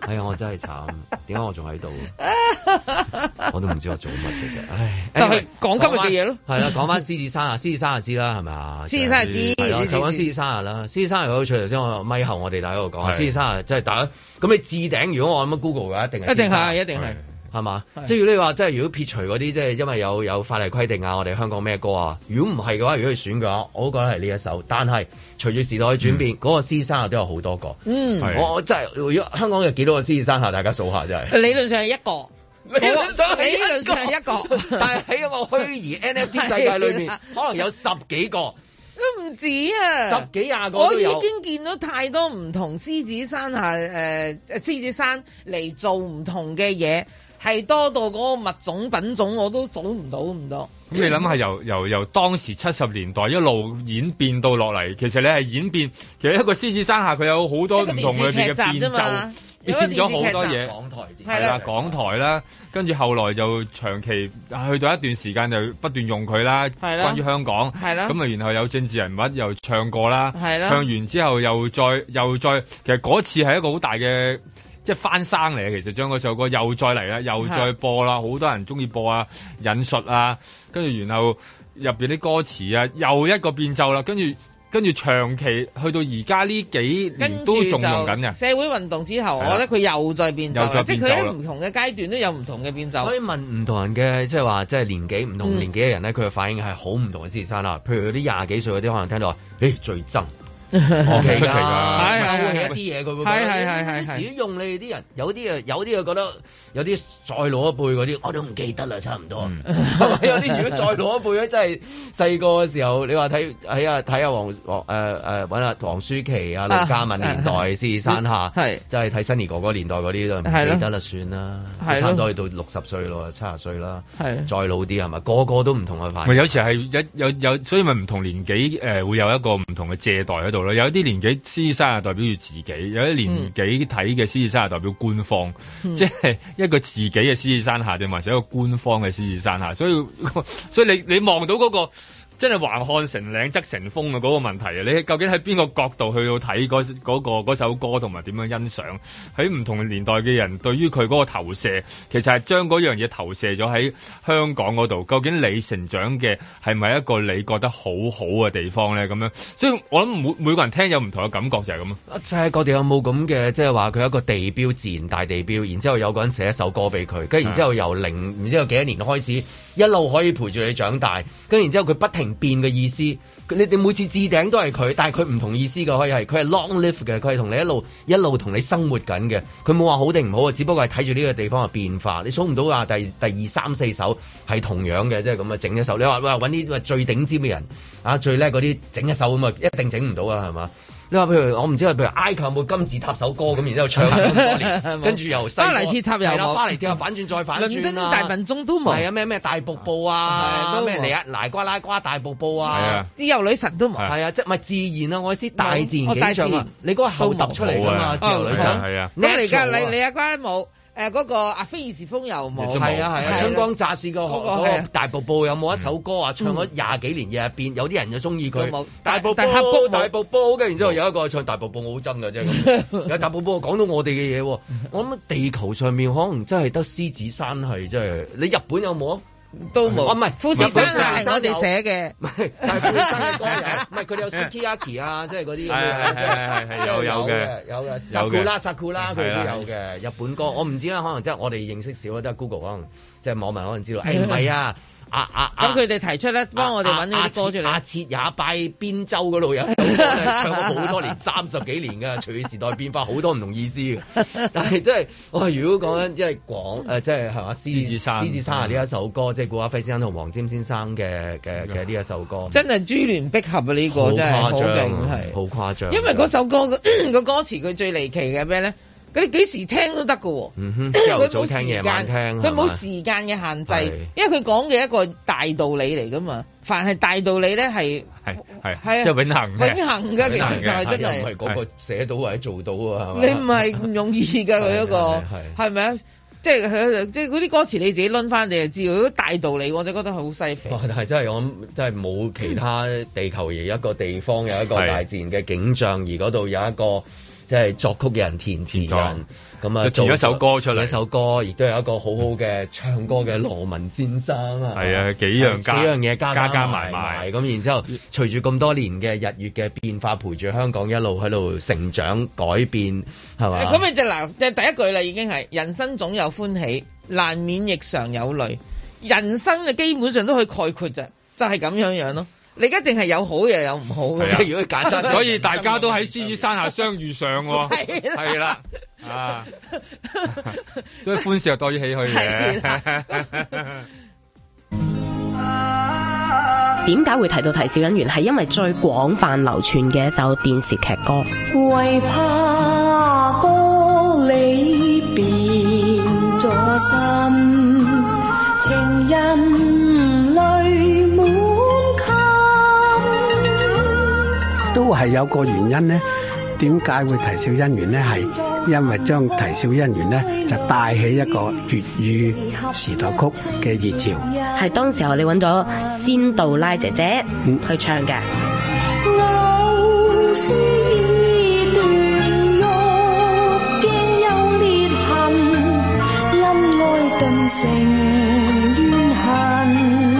哎呀，我真係慘，點解我仲喺度？ 我都唔知我做乜嘅啫。唉，就係、是、講、哎、今日嘅嘢咯。係啦，講翻獅子山啊、嗯，獅子山日知啦，係咪啊？獅子山啊知。講返獅子山日啦，獅子山日好似頭先。我咪後我哋大家喺度講，獅子山即係大，就是、大家。咁你置頂，如果我咁乜 Google 嘅，一定係，一定係，一定係。係嘛？即係你話，即係如果撇除嗰啲，即係因為有有法例規定啊，我哋香港咩歌啊？如果唔係嘅話，如果佢選嘅話，我都覺得係呢一首。但係隨住時代嘅轉變，嗰、嗯嗰個獅子山下都有好多個。嗯，我真係如果香港有幾多個獅子山下，大家數下真係。理論上係一個，理論上係一個，一個 但係喺個虛擬 NFT 世界裏面， 可能有十幾個，都 唔止啊，十幾廿個我已經見見到太多唔同獅子山下誒，獅、呃、子山嚟做唔同嘅嘢。係多到嗰個物種品種我都數唔到咁多。咁你諗下由由由當時七十年代一路演變到落嚟，其實你係演變，其實一個《獅子山下》佢有好多唔同裏面嘅變奏，你變咗好多嘢。港台啲係啦，港台啦，跟住後來就長期去到一段時間，就不斷用佢啦。關於香港，咁啊，然後有政治人物又唱過啦。唱完之後又再又再，其實嗰次係一個好大嘅。即係翻生嚟啊！其實將首歌又再嚟啦，又再播啦，好多人中意播啊，引述啊，跟住然後入面啲歌詞啊，又一個變奏啦，跟住跟住長期去到而家呢幾年都仲用緊嘅。社會運動之後，我覺得佢又再變奏，再變奏，即係佢喺唔同嘅階段都有唔同嘅變奏。所以問唔同人嘅即係話，即係年紀唔同年紀嘅人咧，佢、嗯、嘅反應係好唔同嘅。先生啦，譬如有啲廿幾歲嗰啲可能聽到誒、欸、最憎。出奇㗎，買下護一啲嘢佢會，係係係係。少用你哋啲人，有啲啊，有啲啊覺得有啲再老一輩嗰啲，我都唔記得啦，差唔多。嗯、 有啲如果再老一輩咧，真係細個嘅時候，你話睇睇下睇下黃黃誒揾下黃舒淇啊、劉嘉文年代，獅子山下，係真係睇新兒哥哥年代嗰啲都唔記得啦，算啦。差唔多去到六十歲咯，七十歲啦，再老啲係咪？個個都唔同嘅反應。咪有時係有有，有，所以咪唔同年紀誒會有一個唔同嘅借代喺度。呃有啲年紀，獅子山係代表住自己，有啲年紀睇嘅獅子山係代表官方，嗯、即係一個自己嘅獅子山下，定或者一個官方嘅獅子山下？所以，所以你你望到嗰、那個。真係橫看成嶺側成峰嘅嗰個問題啊！你究竟喺邊個角度去到睇嗰個、嗰個、嗰首歌，同埋點樣欣賞？喺唔同年代嘅人對於佢嗰個投射，其實係將嗰樣嘢投射咗喺香港嗰度。究竟你成長嘅係咪一個你覺得好好嘅地方咧？咁樣，所以我諗每每個人聽有唔同嘅感覺就係咁啊！即係嗰啲有冇咁嘅，即係話佢有一個地標，自然大地標，然之後有個人寫一首歌俾佢，跟住然後之後由零，然之後幾多年開始。一路可以陪住你長大，跟然之後佢不停變嘅意思你，你每次置頂都係佢，但係佢唔同意思嘅可以係佢係 long live 嘅，佢係同你一路一路同你生活緊嘅，佢冇話好定唔好啊，只不過係睇住呢個地方嘅變化，你數唔到啊！第第二三四首係同樣嘅，即係咁啊，整一首你話搵啲最頂尖嘅人啊，最叻嗰啲整一首咁啊，一定整唔到啊，係嘛？你話譬如我唔知啊，譬如埃及有冇金字塔首歌咁，然之後唱，歌後唱歌，跟住又巴黎鐵塔又巴黎鐵塔反轉再反轉、啊、大笨鐘都冇啊，咩咩大瀑布啊，咩你阿拿瓜拉瓜大瀑布啊，啊自由女神都冇，係啊，即係咪自然啊。我意思我大，大自然景象你嗰個後凸出嚟㗎嘛，自由女神，咁你而家你你阿瓜冇。誒、呃、嗰、那個阿菲爾時風有冇？係啊係、啊啊，春光乍洩、那個嗰、那個啊那個、大瀑布，布有冇一首歌啊？嗯、唱咗廿幾年嘅入邊，有啲人就中意佢。大瀑布，布大布布大布布大瀑布嘅，然之後有一個唱大瀑布，布 我好憎嘅啫。真 有大瀑布講到我哋嘅嘢，我諗地球上面可能真係得獅子山係，即係你日本有冇？都冇，哦，唔係富士山係、啊、我哋寫嘅，唔係，但係富士山嘅歌有，唔係佢哋有 Sukiyaki 啊，即係嗰啲，係係係係有有嘅，有嘅，Sakura Sakura 佢都有嘅，日本歌我唔知啦，可能即係我哋認識少啦，即係 Google 可能即係網民可能知道，誒、 哎，唔係啊。 咁佢哋提出咧，幫我哋搵呢啲歌出嚟。阿、啊、切、啊啊啊、也拜邊州嗰老友唱咗好多年，三十幾年噶，隨時代變化好多唔同意思嘅。但係真係，我如果講緊因為廣誒，即係係嘛？獅子山，獅子山啊！呢一首歌，嗯、即係顧嘉煇先生同黃霑先生嘅嘅嘅呢一首歌，嗯、真係珠聯璧合啊！呢、呢個真係好勁，係好誇張。因為嗰首歌嘅嗰歌詞，佢最離奇嘅咩咧？你幾時聽都得噶，嗯、哼早聽夜晚聽，佢冇時間嘅限制，因為佢講嘅一個大道理嚟噶嘛。凡係大道理咧，係係係啊，永恒永恆嘅，其實就係真係。唔係嗰個寫到或者做到啊，你唔係咁容易噶佢一個，係咪啊？即係佢即係嗰啲歌詞你自己掄翻，你就知道，如果大道理，我就覺得好犀利。但係真係我諗，真係冇其他地球而一個地方 有一個大自然嘅景象，而嗰度有一個。即係作曲嘅人,人、填詞人，咁啊做一首歌出嚟，一首歌亦都有一個好好嘅唱歌嘅羅文先生啊，係 啊，幾樣幾樣嘢加加埋埋，咁、嗯、然之後,然後隨住咁多年嘅日月嘅變化，陪住香港一路喺度成長改變，係咪？咁、啊、咪就嗱，就第一句啦，已經係人生總有歡喜，難免亦常有淚。人生嘅基本上都可以概括咋，就係、是、咁樣樣咯。你一定係有好又有唔好嘅，即，啊就是，如果簡單。所以大家都喺獅子山下相遇上。哦，係啦，啊，所以歡笑又多於唏噓。嘅 是，啊。啦 是，啊。點 解 會提到啼笑因緣？係因為最廣泛流傳嘅一首電視劇歌。為怕哥你變咗心，情人。都係有個原因咧，點解會啼笑姻緣咧？係因為將啼笑姻緣咧，就帶起一個粵語時代曲嘅熱潮。係當時候你揾咗仙杜拉姐姐，嗯，去唱嘅。藕絲已斷，玉鏡有裂痕，恩愛頓成怨恨。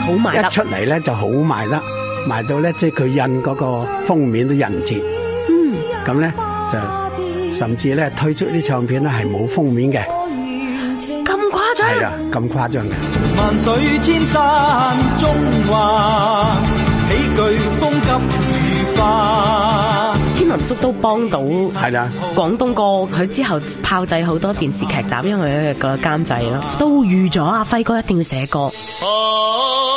好賣，一出嚟咧就好賣得。埋到呢，即係佢印嗰個封面都印唔切。嗯。咁呢，就甚至呢，推出啲唱片咧係冇封面嘅。咁誇張？係啊，咁誇張嘅。萬水千山，天文叔都幫到。係啦。廣東歌佢之後炮製好多電視劇集，因為佢個監製囉，都預咗阿輝哥一定要寫歌。啊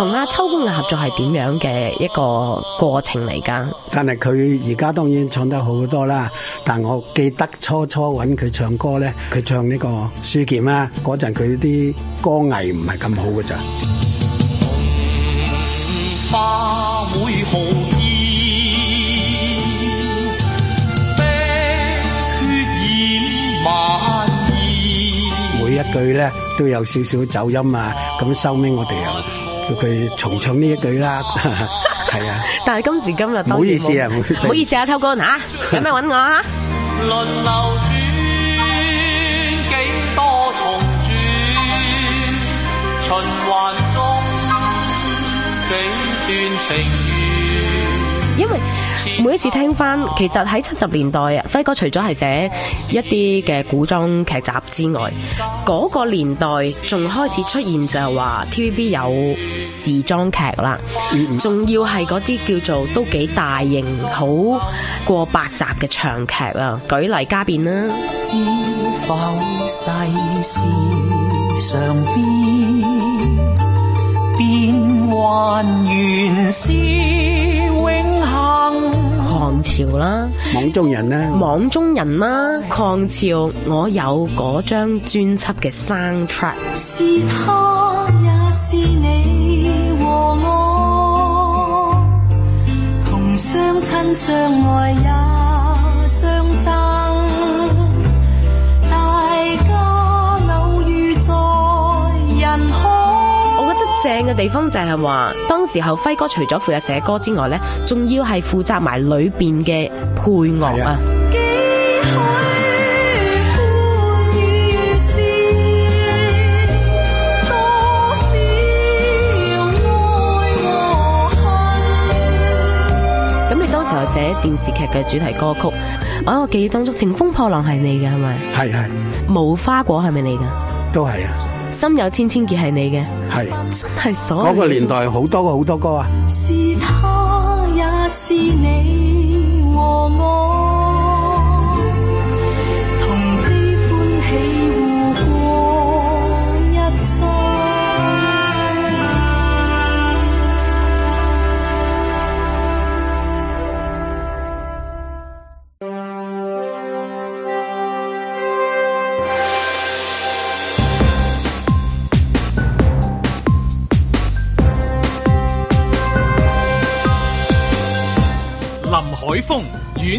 同阿秋公嘅合作係點樣嘅一個過程嚟㗎？但係佢而家當然唱得好多啦。但我記得初初揾佢唱歌咧，佢唱呢、這個《書劍》啦，嗰陣佢啲歌藝唔係咁好㗎咋。花會紅衣？碧血染萬衣。每一句咧都有少少走音啊！咁收尾我哋又～佢重唱呢一句啦，係啊！但係今時今日，唔好意思啊，唔好意思啊，秋哥，吓有咩揾我啊？輪流轉，幾多重轉，循環中，幾段情。因為每一次聽翻，其實喺七十年代，輝哥除咗係寫一啲嘅古裝劇集之外，嗰、那個年代仲開始出現就係話 TVB 有時裝劇啦，仲要係嗰啲叫做都幾大型、好過百集嘅長劇啊！舉例家變啦，知否世事常變，變幻原是永恆。狂潮啦，網中人啦，網中人啦，狂潮，我有嗰張專輯嘅 soundtrack 是他，也是你和我，同相親相愛也相爭。正的地方就是說當時候輝哥除了負責寫歌之外呢，仲要是負責埋裏面的配樂啊。咁 你當時候寫電視劇的主題歌曲，我記得當中乘風破浪是你嘅，係咪？是是。無花果係咪你的？都是啊。心有千千結是你的係，真係嗰個年代好多個好多歌啊。是他也是你。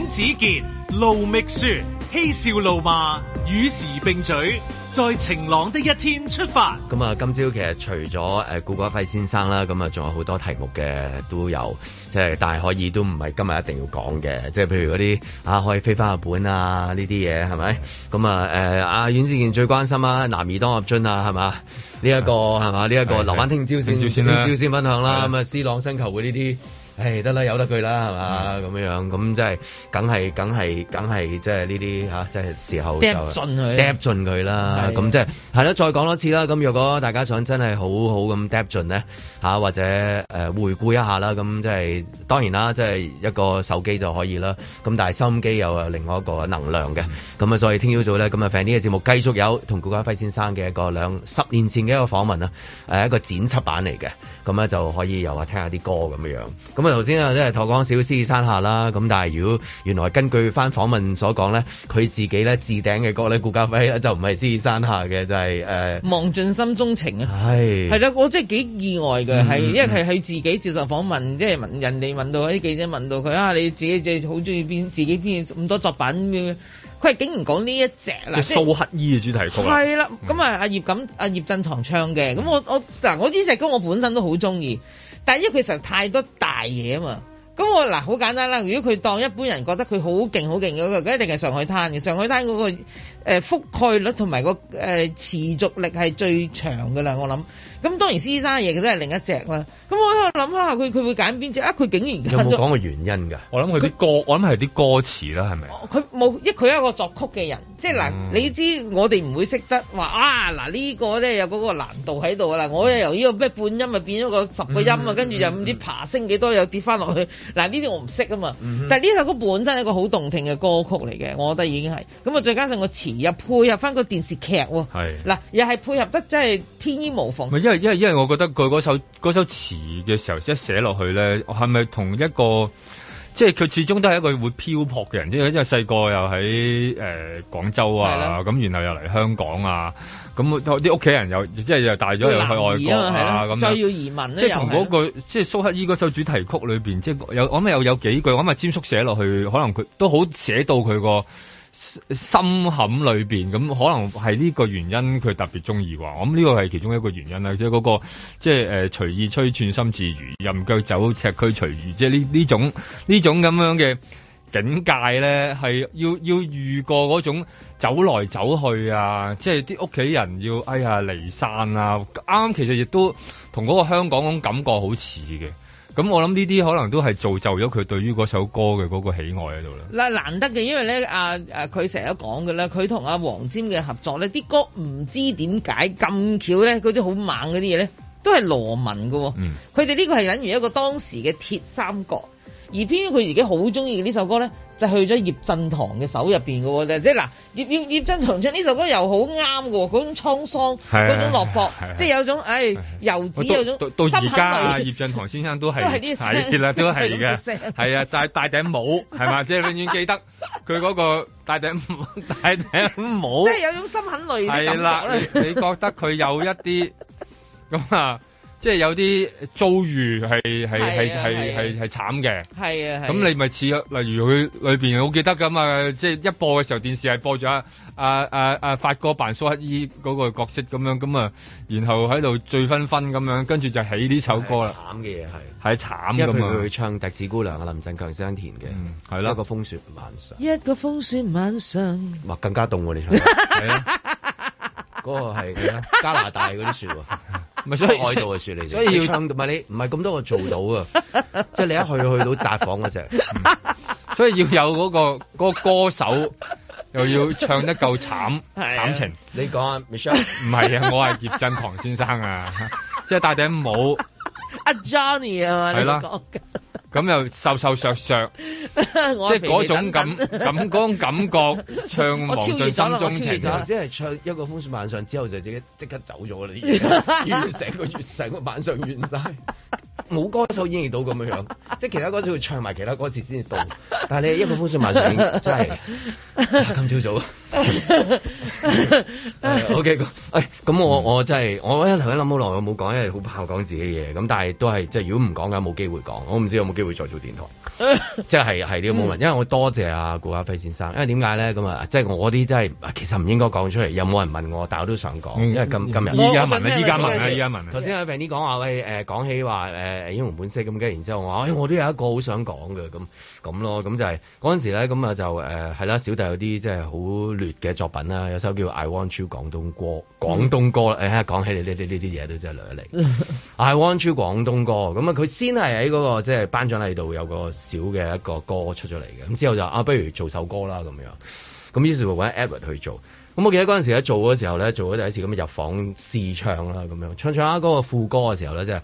子健、盧覓雪嬉笑怒罵，與時並嘴，在晴朗的一天出發。咁啊，今朝其實除咗誒顧嘉輝先生啦，咁啊仲有好多題目嘅都有，即係但係可以都唔係今日一定要講嘅，即係譬如嗰啲啊可以飛翻日本啊呢啲嘢係咪？咁啊誒，阿阮子健最關心啊男兒當入樽啊係嘛？呢一、這個係嘛？呢 一、這個、 這個、留翻聽朝先，聽朝先聽朝先分享啦。咁啊，C 朗新球會呢啲。誒得啦，由得佢、 就是啊就是、啦，係嘛咁樣樣，咁即係梗係梗係梗係即係呢啲即係時候 d e p 進佢 d e p 進佢啦，咁即係係啦，再講多次啦。咁若果大家想真係好好咁 d e p 進呢，啊、或者誒、呃、回顧一下啦，咁即係當然啦，即、就、係、是、一個手機就可以啦。咁但係收音機又另外一個能量嘅，咁啊，所以聽朝早呢，咁啊 f r 呢個節目繼續有同顧嘉輝先生嘅一個兩十年前嘅一個訪問啦，係一個剪輯版嚟嘅，咁咧就可以又話聽一下啲歌咁樣咁頭先啊，即係托講小獅子山下啦，咁但係如果原來根據翻訪問所講咧，佢自己咧置頂嘅歌呢，顧家輝呢，就唔係獅子山下嘅，就係誒忘盡心中情啊，係係啦，我真係幾意外嘅，係、嗯、因為係佢自己接受訪問，即係問人哋問到啲記者問到佢啊，你自己即係好中意邊自己編咁多作品，佢係竟然講呢一隻啦，即蘇乞兒嘅主題曲，係啦，咁、嗯、啊阿葉錦阿葉振棠唱嘅，咁我我嗱我呢隻歌我本身都好中意。但係因為佢實在太多大嘢啊嘛，咁我嗱好、啊、簡單啦，如果佢當一般人覺得佢好勁、好勁，嗰一定係上海灘嘅上海灘嗰、嗰個。誒、呃、覆蓋率同埋、那個誒、呃、持續力係最長嘅啦，我諗。咁當然師生嘢都係另一隻啦。咁我喺度諗下，佢佢會揀邊隻啊？佢、啊、竟然有冇講個原因㗎？我諗佢啲歌，我諗係啲歌詞啦，係咪？佢冇，一佢係一個作曲嘅人，即係嗱、嗯，你知我哋唔會識得話啊嗱，這個、呢個咧有嗰個難度喺度啦。我由呢個咩半音啊變咗個十個音啊，跟住又唔知爬升幾多又跌翻落去。嗱呢啲我唔識啊嘛。嗯、但係呢首歌本身係一個好動聽嘅歌曲嚟嘅，我覺得已經係咁啊，再加上、那個詞。又配合翻個電視劇，哦，係嗱，又係配合得真係天衣無縫。因為因為因為我覺得佢嗰首詞首詞嘅時候，即、就、係、是、寫落去咧，係咪同一個，即係佢始終都係一個會漂泊嘅人，即係因為細個又喺誒、呃、廣州啊，咁然後又嚟香港啊，咁啲屋企人又即係又大咗又去外國啊，咁就、啊、要移民，那個，即係同嗰個即係蘇乞衣嗰首主題曲裏邊，即、就、係、是、有我諗又有，有幾句咁阿占叔寫落去，可能佢都好寫到佢個。深心坎裏面，咁，可能係呢個原因佢特別中意話，咁呢個係其中一個原因啦。即係嗰個即係、就是呃、隨意吹寸，寸心自如，任腳走，赤區隨遇。即係呢呢種呢種咁樣嘅境界咧，係要要遇過嗰種走來走去啊！即係啲屋企人要哎呀離散啊！啱啱其實亦都同嗰個香港嗰種感覺好似嘅。咁我諗呢啲可能都係造就咗佢對於嗰首歌嘅嗰個喜愛喺度啦。嗱，難得嘅，因為咧，阿阿佢成日講嘅咧，佢同阿黃霑嘅合作咧，啲歌唔知點解咁巧咧，嗰啲好猛嗰啲嘢咧，都係羅文㗎喎。嗯，佢哋呢個係等於一個當時嘅鐵三角，而偏偏佢自己好中意嘅呢首歌咧。就去咗葉振棠嘅手入邊嘅，就即係嗱，葉葉葉振棠唱呢首歌又好啱喎，嗰種滄桑，嗰、啊、種落魄，即係、啊啊就是、有種，唉、哎，遊子有種到而家啊，葉、啊啊、振棠先生都係都係啲細節啦，都係嘅，係啊，戴戴頂帽係嘛，即係 永遠記得佢嗰個戴頂戴頂帽，即係 有種心很累。係啦、啊，你 你覺得佢有一啲咁啊？ 即係有啲遭遇係係係係係係慘嘅。係啊，咁、啊啊、你咪似例如佢裏面好記得㗎嘛？即、就、係、是、一播嘅時候，電視係播咗阿阿發哥扮蘇乞兒嗰個角色咁樣，咁啊，然後喺度醉醺醺咁樣，跟住就起呢首歌啦。慘嘅嘢係係慘㗎嘛。係佢唱《笛子姑娘》，林振強、張甜嘅，係啦，一個風雪晚上。一個風雪晚上。哇，更加凍喎、啊！你唱下係啊，嗰、 嗰個係咩？加拿大嗰啲雪喎。唔係所以愛到嘅説嚟，所以要唔係你唔係咁多個做到啊！即係你一去去到紮房嗰隻，所以要有嗰個嗰個歌手又要唱得夠慘慘情。你講啊，Michelle？唔係啊，我係葉振棠先生啊，即係戴頂帽阿 Johnny 啊，係啦。你咁又瘦瘦削削 即係嗰種感 等等感嗰感， 感覺，唱《忘盡心中情》。我，我即係唱一個風雪晚上之後就即即刻走咗啦，已 經，已經成個成個晚上完晒。 冇歌手演繹到咁樣， 即係其他歌手會唱埋其他歌詞先到。 但係你一個歌手埋上真係今朝早。O K，咁我、嗯、我真係我一頭一諗好耐，我冇講，因為好怕講自己嘅嘢。咁但係都係即係如果唔講嘅，冇機會講。我唔知有冇機會再做電台， 即係係呢個 moment、嗯。因為我多謝、啊、顧阿顧嘉煇先生。因為點解呢？咁啊，即係我啲真係其實唔應該講出嚟，有冇人問我，但係我都想講，因為今、嗯、因為今日依家問啊，依家問啊，依家問。頭先阿 Benny 講話，喂誒、呃，講起話英雄本色咁，跟住然之後我話：哎，我都有一個好想講嘅咁咁咯。咁就係嗰陣時咧，咁啊就誒係啦，小弟有啲即係好劣嘅作品啦，有首叫《I Want You》廣東歌，廣東歌啦。誒，講起你呢啲呢啲嘢都真係掠得嚟。I Want You 廣東歌，咁啊佢先係喺嗰個即係頒獎禮度有個小嘅一個歌出咗嚟嘅。咁之後就啊，不如做首歌啦咁樣。咁於是乎揾 Edward 去做。咁我記得嗰陣時做嘅時候咧，做咗第一次咁嘅入房試唱啦，咁樣唱唱下嗰個副歌嘅時候咧，即係，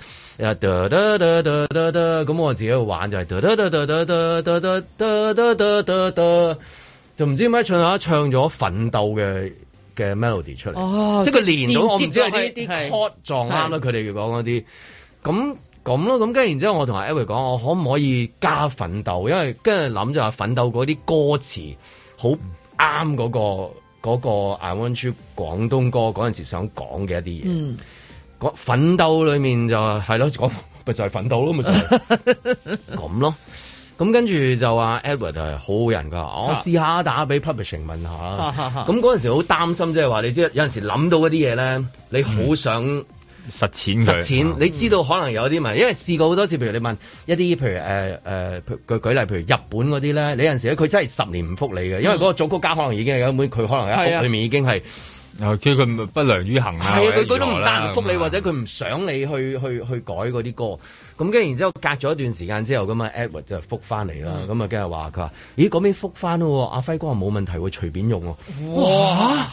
咁我自己去玩，oh, 哦、就係，就唔知點解唱下唱咗《奮鬥》嘅嘅 melody 出嚟，即係佢連到我唔知係啲啲 cord 撞啱啦，佢哋講嗰啲，咁咁咯，咁跟住然之後，我同阿 Eddie 講，我可唔可以加《奮鬥》，因為跟住諗就話《奮鬥》嗰啲歌詞好啱嗰個。嗰、那個 I want you 廣東歌嗰陣時想講嘅一啲嘢，個、嗯、奮鬥裡面就係、就是、 咯，唔係就係奮鬥咯，咪就係咁咯。咁跟住就話 Edward 係好好人㗎，我、啊哦、試下打俾 publishing 問下。咁嗰陣時好擔心，即係話你知有陣時諗到一啲嘢咧，你好想、嗯。實踐佢，實踐、嗯、你知道可能有啲問題，因為試過好多次，譬如你問一啲譬如誒誒，佢、呃呃、舉例譬如日本嗰啲咧，你有陣時咧佢真係十年唔復你嘅、嗯，因為嗰個組曲家可能已經有冇佢可能喺屋裏面已經係，即佢、啊嗯、不良於行啊，係佢都唔單唔復你，或者佢唔、嗯、想你去去去改嗰啲歌，咁跟住然之後隔咗一段時間之後咁啊，Edward、嗯、就復翻嚟啦，咁啊跟住話佢話，咦嗰邊復翻咯，阿輝哥話冇問題會隨便用喎，哇！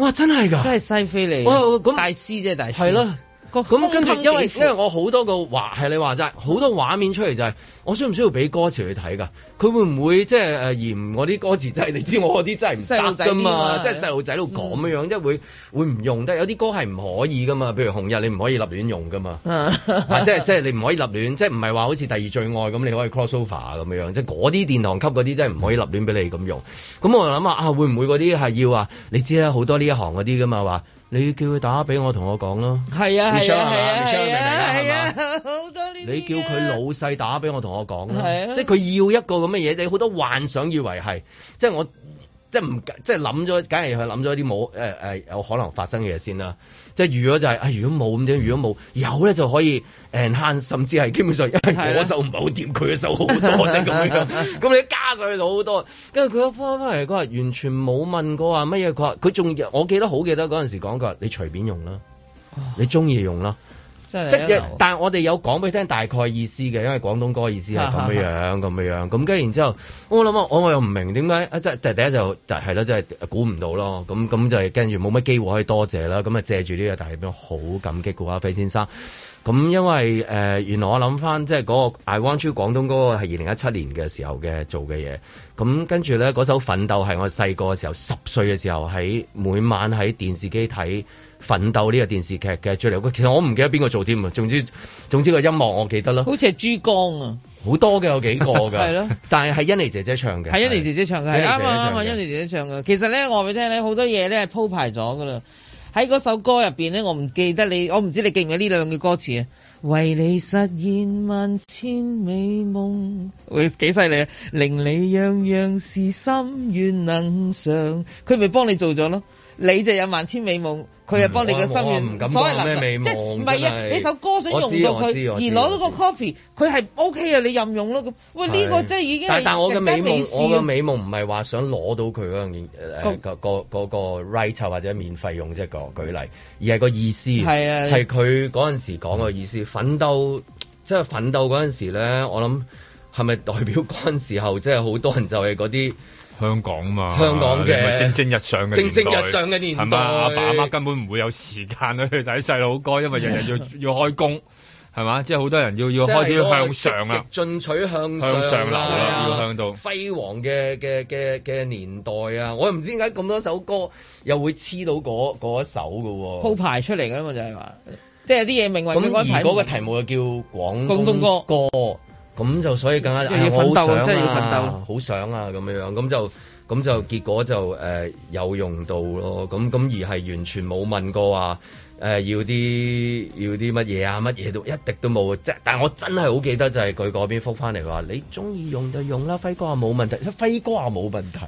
哇！真係噶，真係犀利嚟，咁大師啫，大師係咯。咁、那個、跟住，因為因為我好多個畫係你話齋，好多畫面出嚟就係我需唔需要俾歌詞去睇噶？佢會唔會即係誒嫌我啲歌詞、就是？即係你知我嗰啲真係唔得噶嘛？即係細路仔度講咁樣，即、嗯、係會會唔用得？有啲歌係唔可以噶嘛？譬如紅日，你唔可以立亂用噶嘛？即係即係你唔可以立亂，即係唔係話好似第二最愛咁，你可以 crossover 咁樣？即係嗰啲殿堂級嗰啲，真係唔可以立亂俾你咁用。咁我諗啊，會唔會嗰啲係要話你知啦，好多呢一行嗰啲噶嘛話。你叫佢打俾我同我講咯，係啊 Michelle 係嘛啊？係嘛、啊啊啊啊啊啊，好多呢啲、啊、你叫佢老細打俾我同我講啦、啊，即係佢要一個咁嘅嘢，你好多幻想以為係，即係我。即係唔即係諗咗，梗係佢諗咗啲冇誒誒有可能發生嘅嘢先啦。即係如果就係、是哎，如果冇咁樣，如果冇有咧就可以誒慳，甚至係基本上因為我手唔係好掂，佢嘅手好多係咁 樣咁。咁你加上去到好多，跟住佢一翻翻嚟，佢話完全冇問過話乜嘢。佢話佢仲，我記得好記得嗰陣時講佢話你隨便用啦，你中意用啦。 即但我哋有講俾你聽大概意思嘅，因為廣東歌意思係咁樣樣，咁樣 樣，咁跟住然之後，我諗我我又唔明點解、啊，即係第一就係係咯，即係估唔到咯，咁咁就係跟住冇乜機會可以多謝啦，咁啊借住呢個，但係點好感激嘅阿飛先生。咁因為誒、呃，原來我諗翻即係嗰個 I Want You 廣東歌係二零一七年嘅時候嘅做嘅嘢，咁跟住咧嗰首奮鬥係我細個嘅時候，十歲嘅時候喺每晚喺電視機睇。奮鬥呢個電視劇嘅，最嚟其實我唔記得邊個做添啊，總之總之個音樂我記得咯，好似係珠江啊，好多嘅有幾個噶，係 咯，但係係欣，欣妮姐姐唱嘅，係欣妮姐姐唱嘅，係啱啱欣妮姐姐唱嘅，其實咧我話俾你聽咧，好多嘢咧係鋪排咗噶啦，喺嗰首歌入邊咧，我唔記得你，我唔知你記唔記呢兩句歌詞啊，為你實現萬千美夢，喂，幾犀利啊，令你樣樣事心願能償，佢咪幫你做咗咯。你就有萬千美夢，佢就幫你嘅心願。敢美夢所謂垃圾，即係唔係啊？你首歌想用到佢，而攞到個 copy，佢係 OK 啊！你任用囉，咁。喂，呢、這個真係已經係更加微視。但我嘅美夢唔係話想攞到佢嗰樣誒個、啊那個嗰、那個 rights 或者免費用即係個舉例，而係個意思。係啊，係佢嗰陣時講嘅意思。奮鬥即係、就是、奮鬥嗰陣時呢，我諗係咪代表嗰陣時候即係好多人就係嗰啲。香港嘛，香港嘅蒸蒸日上嘅蒸蒸日上年代，係嘛？阿爸阿媽根本唔會有時間去睇細路哥， 因為日日要 要，要開工，係嘛？即係好多人要要開始要向上啊，進、就是、取向上，向上流啦，啊，要向到輝煌嘅嘅嘅嘅年代啊！我又唔知點解咁多首歌又會黐到嗰一首嘅，啊，鋪排出嚟噶嘛就係、是、嘛，即係啲嘢命運。咁而嗰個題目就叫廣東廣東歌。咁就所以更加，係、哎、要奮鬥，我好想啊咁樣、啊、樣，咁就咁就結果就誒、呃、有用到咯，咁咁而係完全冇問過話誒、呃、要啲要啲乜嘢啊乜嘢，都一滴都冇，即但我真係好記得就係佢嗰邊復翻嚟話，你中意用就用啦，輝哥話冇問題，輝哥話冇問題。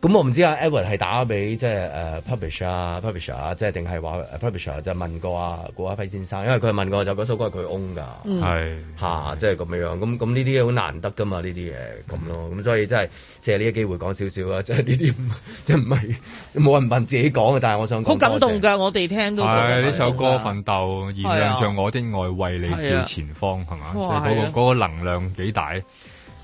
咁、嗯、我唔知啊，Edward 係打俾即係 publisher 啊，publisher 啊，即係定係話 publisher 就問過啊顧阿輝先生，因為佢問過就嗰首歌係佢 o 㗎，噶、嗯，係、啊、即係咁樣。咁咁呢啲好難得噶嘛，呢啲嘢咁咯。咁所以真係借呢個機會講少少啊，即係呢啲即係唔係冇人問自己講嘅，但係我想講好感動㗎，我哋聽到係呢首歌奮《奮鬥》，燃亮著我的愛，為你照前方，係嘛、啊？嗰、啊啊啊那個嗰、啊那個能量幾大。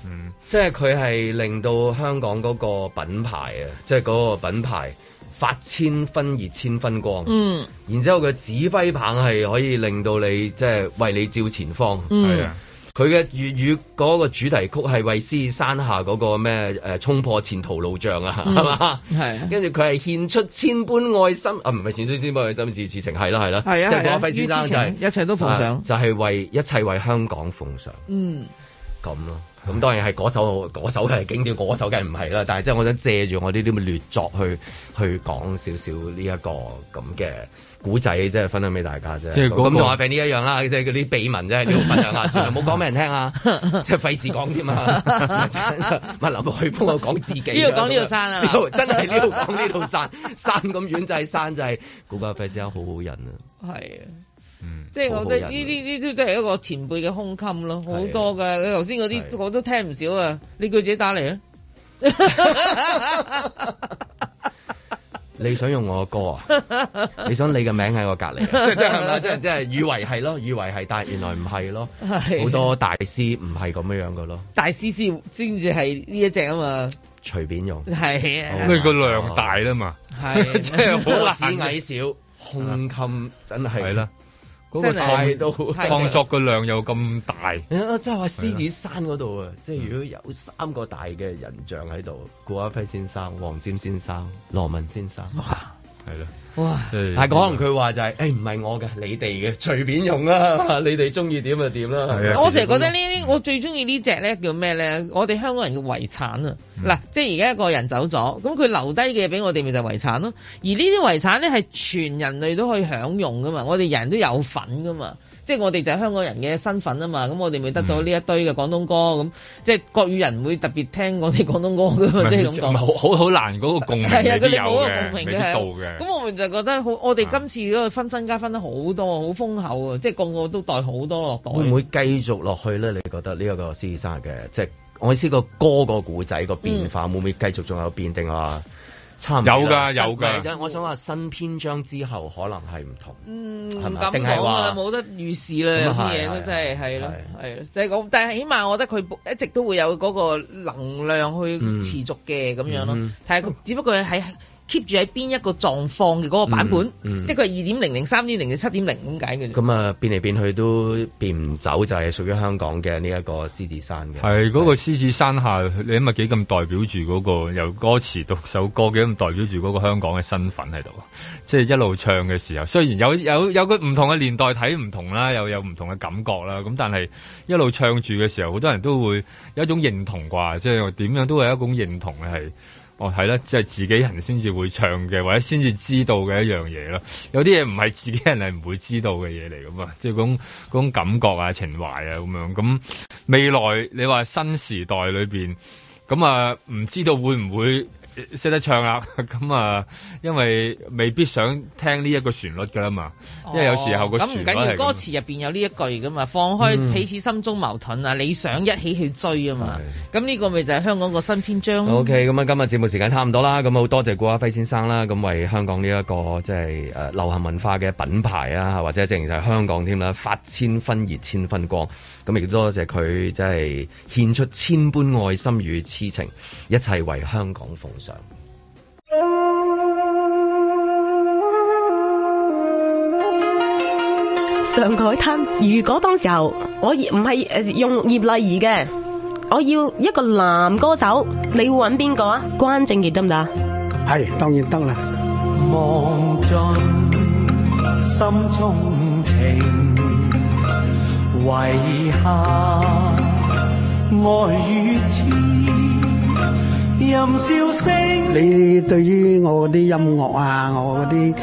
嗯，即係佢係令到香港嗰個品牌啊，即係嗰個品牌發千分熱千分光。嗯，然之後佢指揮棒係可以令到你，即係為你照前方。係啊，佢嘅粵語嗰個主題曲係為《獅子山下》嗰個咩誒，衝破前途路障啊，係嘛？係跟住佢係獻出千般愛心啊，唔係錢叔千般愛心，是事情係啦係啦。係啊，即一一切都奉上，就係為一切為香港奉上。嗯。咁咯，咁當然係嗰首嗰首係經典，嗰首梗係唔係啦。但係即係我想借住我呢啲咁嘅劣作去去講少少呢一個咁嘅古仔，即係分享俾大家啫。咁、就、同、是、阿肥呢一樣啦，即係嗰啲秘聞啫，要分享下，唔好講俾人聽 就然 啊，即係費事講添啊。唔係林木去幫我講自己，呢度講呢度山啊，呢度真係呢度講呢度山， 山咁遠就係山就係、是， 古家費事講好好人啊，係啊。嗯、即係我覺得呢啲呢啲都係一個前輩嘅胸襟咯，好多噶。你頭先嗰啲我都聽唔少啊。你叫自己打嚟啊！ 你想用我嘅歌啊？ 你想你嘅名喺我隔籬啊？ 即係 即係即係即係以為係咯，以為係，但係原來唔係咯。好 多大師唔係咁樣樣嘅咯。大師先先至係呢一隻啊嘛。隨便用係啊，因為個、哦、量大啦嘛，即係好難。只矮小胸襟真係係啦。即係態度，創作嘅量又咁大。即係話獅子山嗰度啊，即係如果有三個大嘅人像喺度，顧、嗯、嘉煇先生、黃霑先生、羅文先生，係咯。哇！但係可能佢話就係、是，誒唔係我嘅，你哋嘅，隨便用啦、啊，你哋中意點就點啦、啊啊啊。我成日覺得呢啲，我最中意呢隻咧叫咩咧？我哋香港人嘅遺產啊！嗱、嗯，即係而家一個人走咗，咁佢留低嘅嘢俾我哋咪就係遺產咯、啊。而呢啲遺產咧係全人類都可以享用噶嘛，我哋人都有份噶嘛。即係我哋就係香港人嘅身份啊嘛，咁我哋咪得到呢一堆嘅廣東歌咁、嗯，即係國語人會特別聽嗰啲廣東歌㗎嘛，即係咁講。係唔係好好難嗰個共鳴啊、嗯，佢哋冇個共鳴嘅。咁我哋就覺得好，我哋今次嗰個分身家分得好多，好豐厚啊！即係個個都帶好多落袋。會唔會繼續落去咧、嗯？你覺得呢個個先生嘅，即、就、係、是、我意思個歌個故仔、那個變化，會唔會繼續仲有變定啊？嗯不不有㗎有㗎，我想話新篇章之後可能係唔同，嗯，唔敢講㗎啦，冇得預示啦，有啲嘢都真係係咯，係即係講，但係起碼我覺得佢一直都會有嗰個能量去持續嘅咁、嗯、樣咯，但係佢只不過係。keep 住喺邊一個狀況嘅嗰個版本，嗯嗯、即係佢係二點零、零三點零定七點零咁解嘅。咁啊，變嚟變去都變唔走，就係、是、屬於香港嘅呢一個獅子山嘅。係嗰、那個獅子山下，你係咪幾咁代表住嗰、那個由歌詞讀首歌幾咁代表住嗰個香港嘅身份喺度？即、就、係、是、一路唱嘅時候，雖然有有有個唔同嘅年代睇唔同啦，又有唔同嘅感覺啦。咁但係一路唱住嘅時候，好多人都會有一種認同啩，即係點樣都係一種認同嘅係。哦，係啦，即係自己人先至會唱嘅，或者先至知道嘅一樣嘢咯。有啲嘢唔係自己人係唔會知道嘅嘢嚟噶嘛，即係嗰種嗰種感覺啊、情懷啊咁樣。咁未來你話新時代裏邊咁啊，唔知道會唔會？識得唱啦，咁啊，因為未必想聽呢一個旋律噶啦嘛，因為有時候有個旋律咁唔緊要，歌詞入邊有呢一句噶嘛，放開彼此心中矛盾啊、嗯，你想一起去追啊嘛，咁呢個咪就係香港個新篇章。OK，咁啊，今日節目時間差唔多啦，咁好多謝顧阿輝先生啦，咁為香港呢一個即係誒流行文化嘅品牌啊，或者正而就係香港添啦，發千分熱，千分光。咁亦都多謝佢，真係獻出千般愛心與痴情，一切為香港奉上。上海灘，如果當時候我唔係誒用葉麗儀嘅，我要一個男歌手，你會揾邊個啊？關正傑得唔得啊？係當然得啦。遺下愛與痴，任笑聲。你對於我啲音樂啊，我嗰啲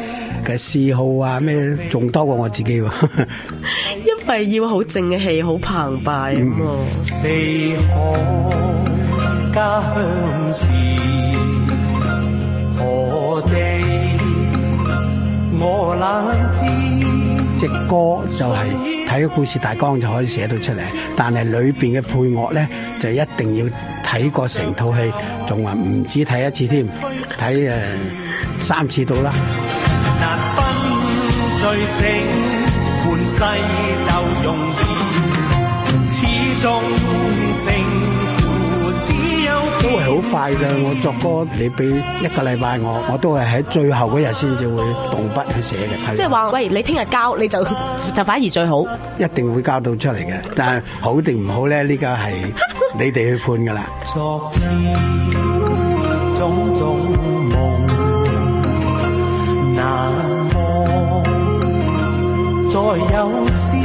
嘅嗜好啊，咩仲多過我自己。 因為要好正嘅氣，好澎湃。四海家鄉是，何地我懶知。 隻歌就係睇個故事大綱就可以寫到出嚟，但係裏邊嘅配樂咧就一定要睇過成套戲，仲話唔止睇一次添，睇誒三次到啦。 都係好快㗎，我作歌你俾一個禮拜我，我都係喺最後嗰日先至會動筆去寫嘅。即係話，喂，你聽日交你就就反而最好。一定會交到出嚟嘅，但係好定唔好咧？呢個係你哋去判㗎啦。昨夜種種夢難忘，再 有樂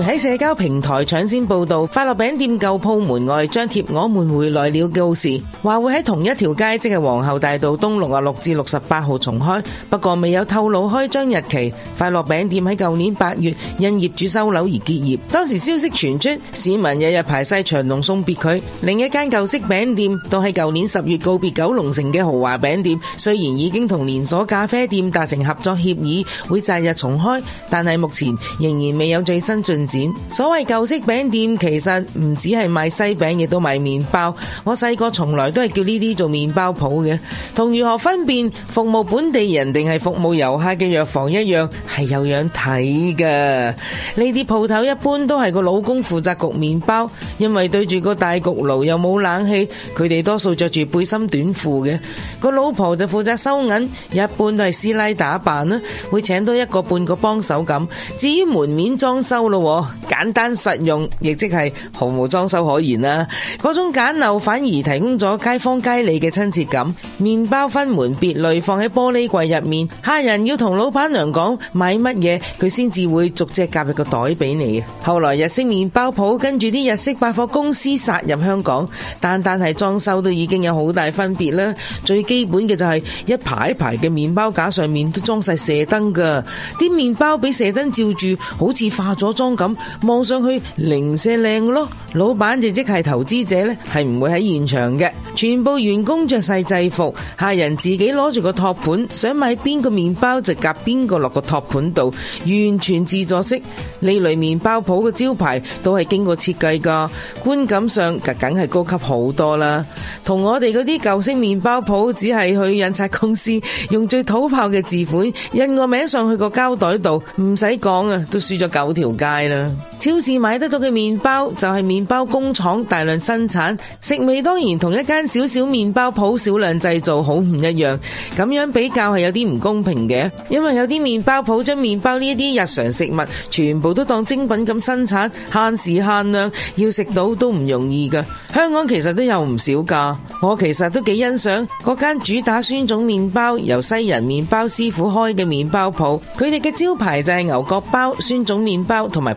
喺社交平台搶先報導，快樂餅店舊鋪門外張貼「將我們回來了」告示，話會喺同一條街，即係皇后大道東六啊六至六十八號重開。不過未有透露開張日期。快樂餅店喺舊年八月因業主收樓而結業，當時消息傳出，市民日日排曬長龍送別佢。另一間舊式餅店，都喺舊年十月告別九龍城嘅豪華餅店，雖然已經同連鎖咖啡店達成合作協議，會擇日重開，但係目前仍然未有最新進。所謂舊式餅店其實唔止係賣西餅，亦都賣麵包。我細個從來都係叫呢啲做麵包鋪嘅。同如何分辨服務本地人定係服務遊客嘅藥房一樣，係有樣睇噶。呢啲鋪頭一般都係個老公負責焗麵包，因為對住個大焗爐又冇冷氣，佢哋多數着住背心短褲嘅。個老婆就負責收銀，一般都係師奶打扮啦，會請多一個半個幫手咁。至於門面裝修咯。簡單實用，亦即係毫無裝修可言啦。嗰種簡陋反而提供咗街坊街里嘅親切感。麵包分門別類放喺玻璃櫃入面，客人要同老闆娘講買乜嘢，佢先至會逐隻夾入個袋俾你啊。後來日式麵包鋪跟住啲日式百貨公司殺入香港，單單係裝修都已經有好大分別啦。最基本嘅就係一排一排嘅麵包架上面都裝晒射燈噶，啲麵包俾射燈照住，好似化咗妝。咁望上去零舍靚咯，老闆就即係投資者呢，係唔會喺現場嘅，全部員工着晒制服，客人自己攞住個托盤，想買邊個麵包就夾邊個落個托盤度，完全自助式。呢類麵包鋪嘅招牌都係經過設計噶，觀感上梗係高級好多啦。同我哋嗰啲舊式麵包鋪，只係去印刷公司用最土炮嘅字款印個名上去個膠袋度，唔使講啊，都輸咗九條街啦。超市買得到嘅麵包就係麵包工廠大量生產，食味當然同一間少少麵包鋪少量製造好唔一樣。咁樣比較係有啲唔公平嘅，因為有啲麵包鋪將麵包呢一啲日常食物全部都當精品咁生產，限時限量，要食到都唔容易㗎。香港其實都有唔少㗎，我其實都幾欣賞嗰間主打酸種麵包由西人麵包師傅開嘅麵包鋪，佢哋嘅招牌就係牛角包、酸種麵包同埋。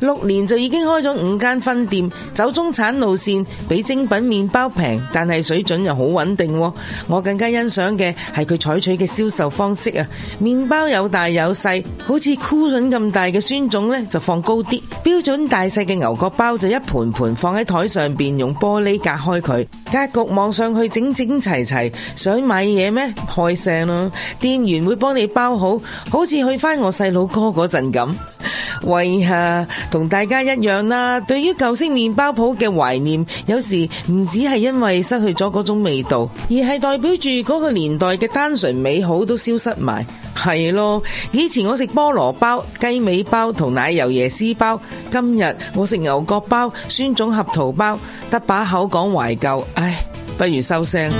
六年就已經開咗五間分店，走中產路線，比精品麵包平，但係水準又好穩定。我更加欣賞嘅係佢採取嘅銷售方式啊！麵包有大有細，好似箍筍咁大嘅酸種呢，就放高啲，標準大細嘅牛角包就一盤盤放喺台上邊，用玻璃隔開佢，格局望上去整整齊齊。想買嘢咩？開聲咯，店員會幫你包好，好似去翻我細佬哥嗰陣咁哎、同大家一樣啦。對於舊式麵包鋪嘅懷念，有時唔止係因為失去咗嗰種味道，而係代表住嗰個年代嘅單純美好都消失埋。係咯，以前我食菠蘿包、雞尾包同奶油椰絲包，今日我食牛角包、酸種合桃包，得把口講懷舊，唉，不如收聲。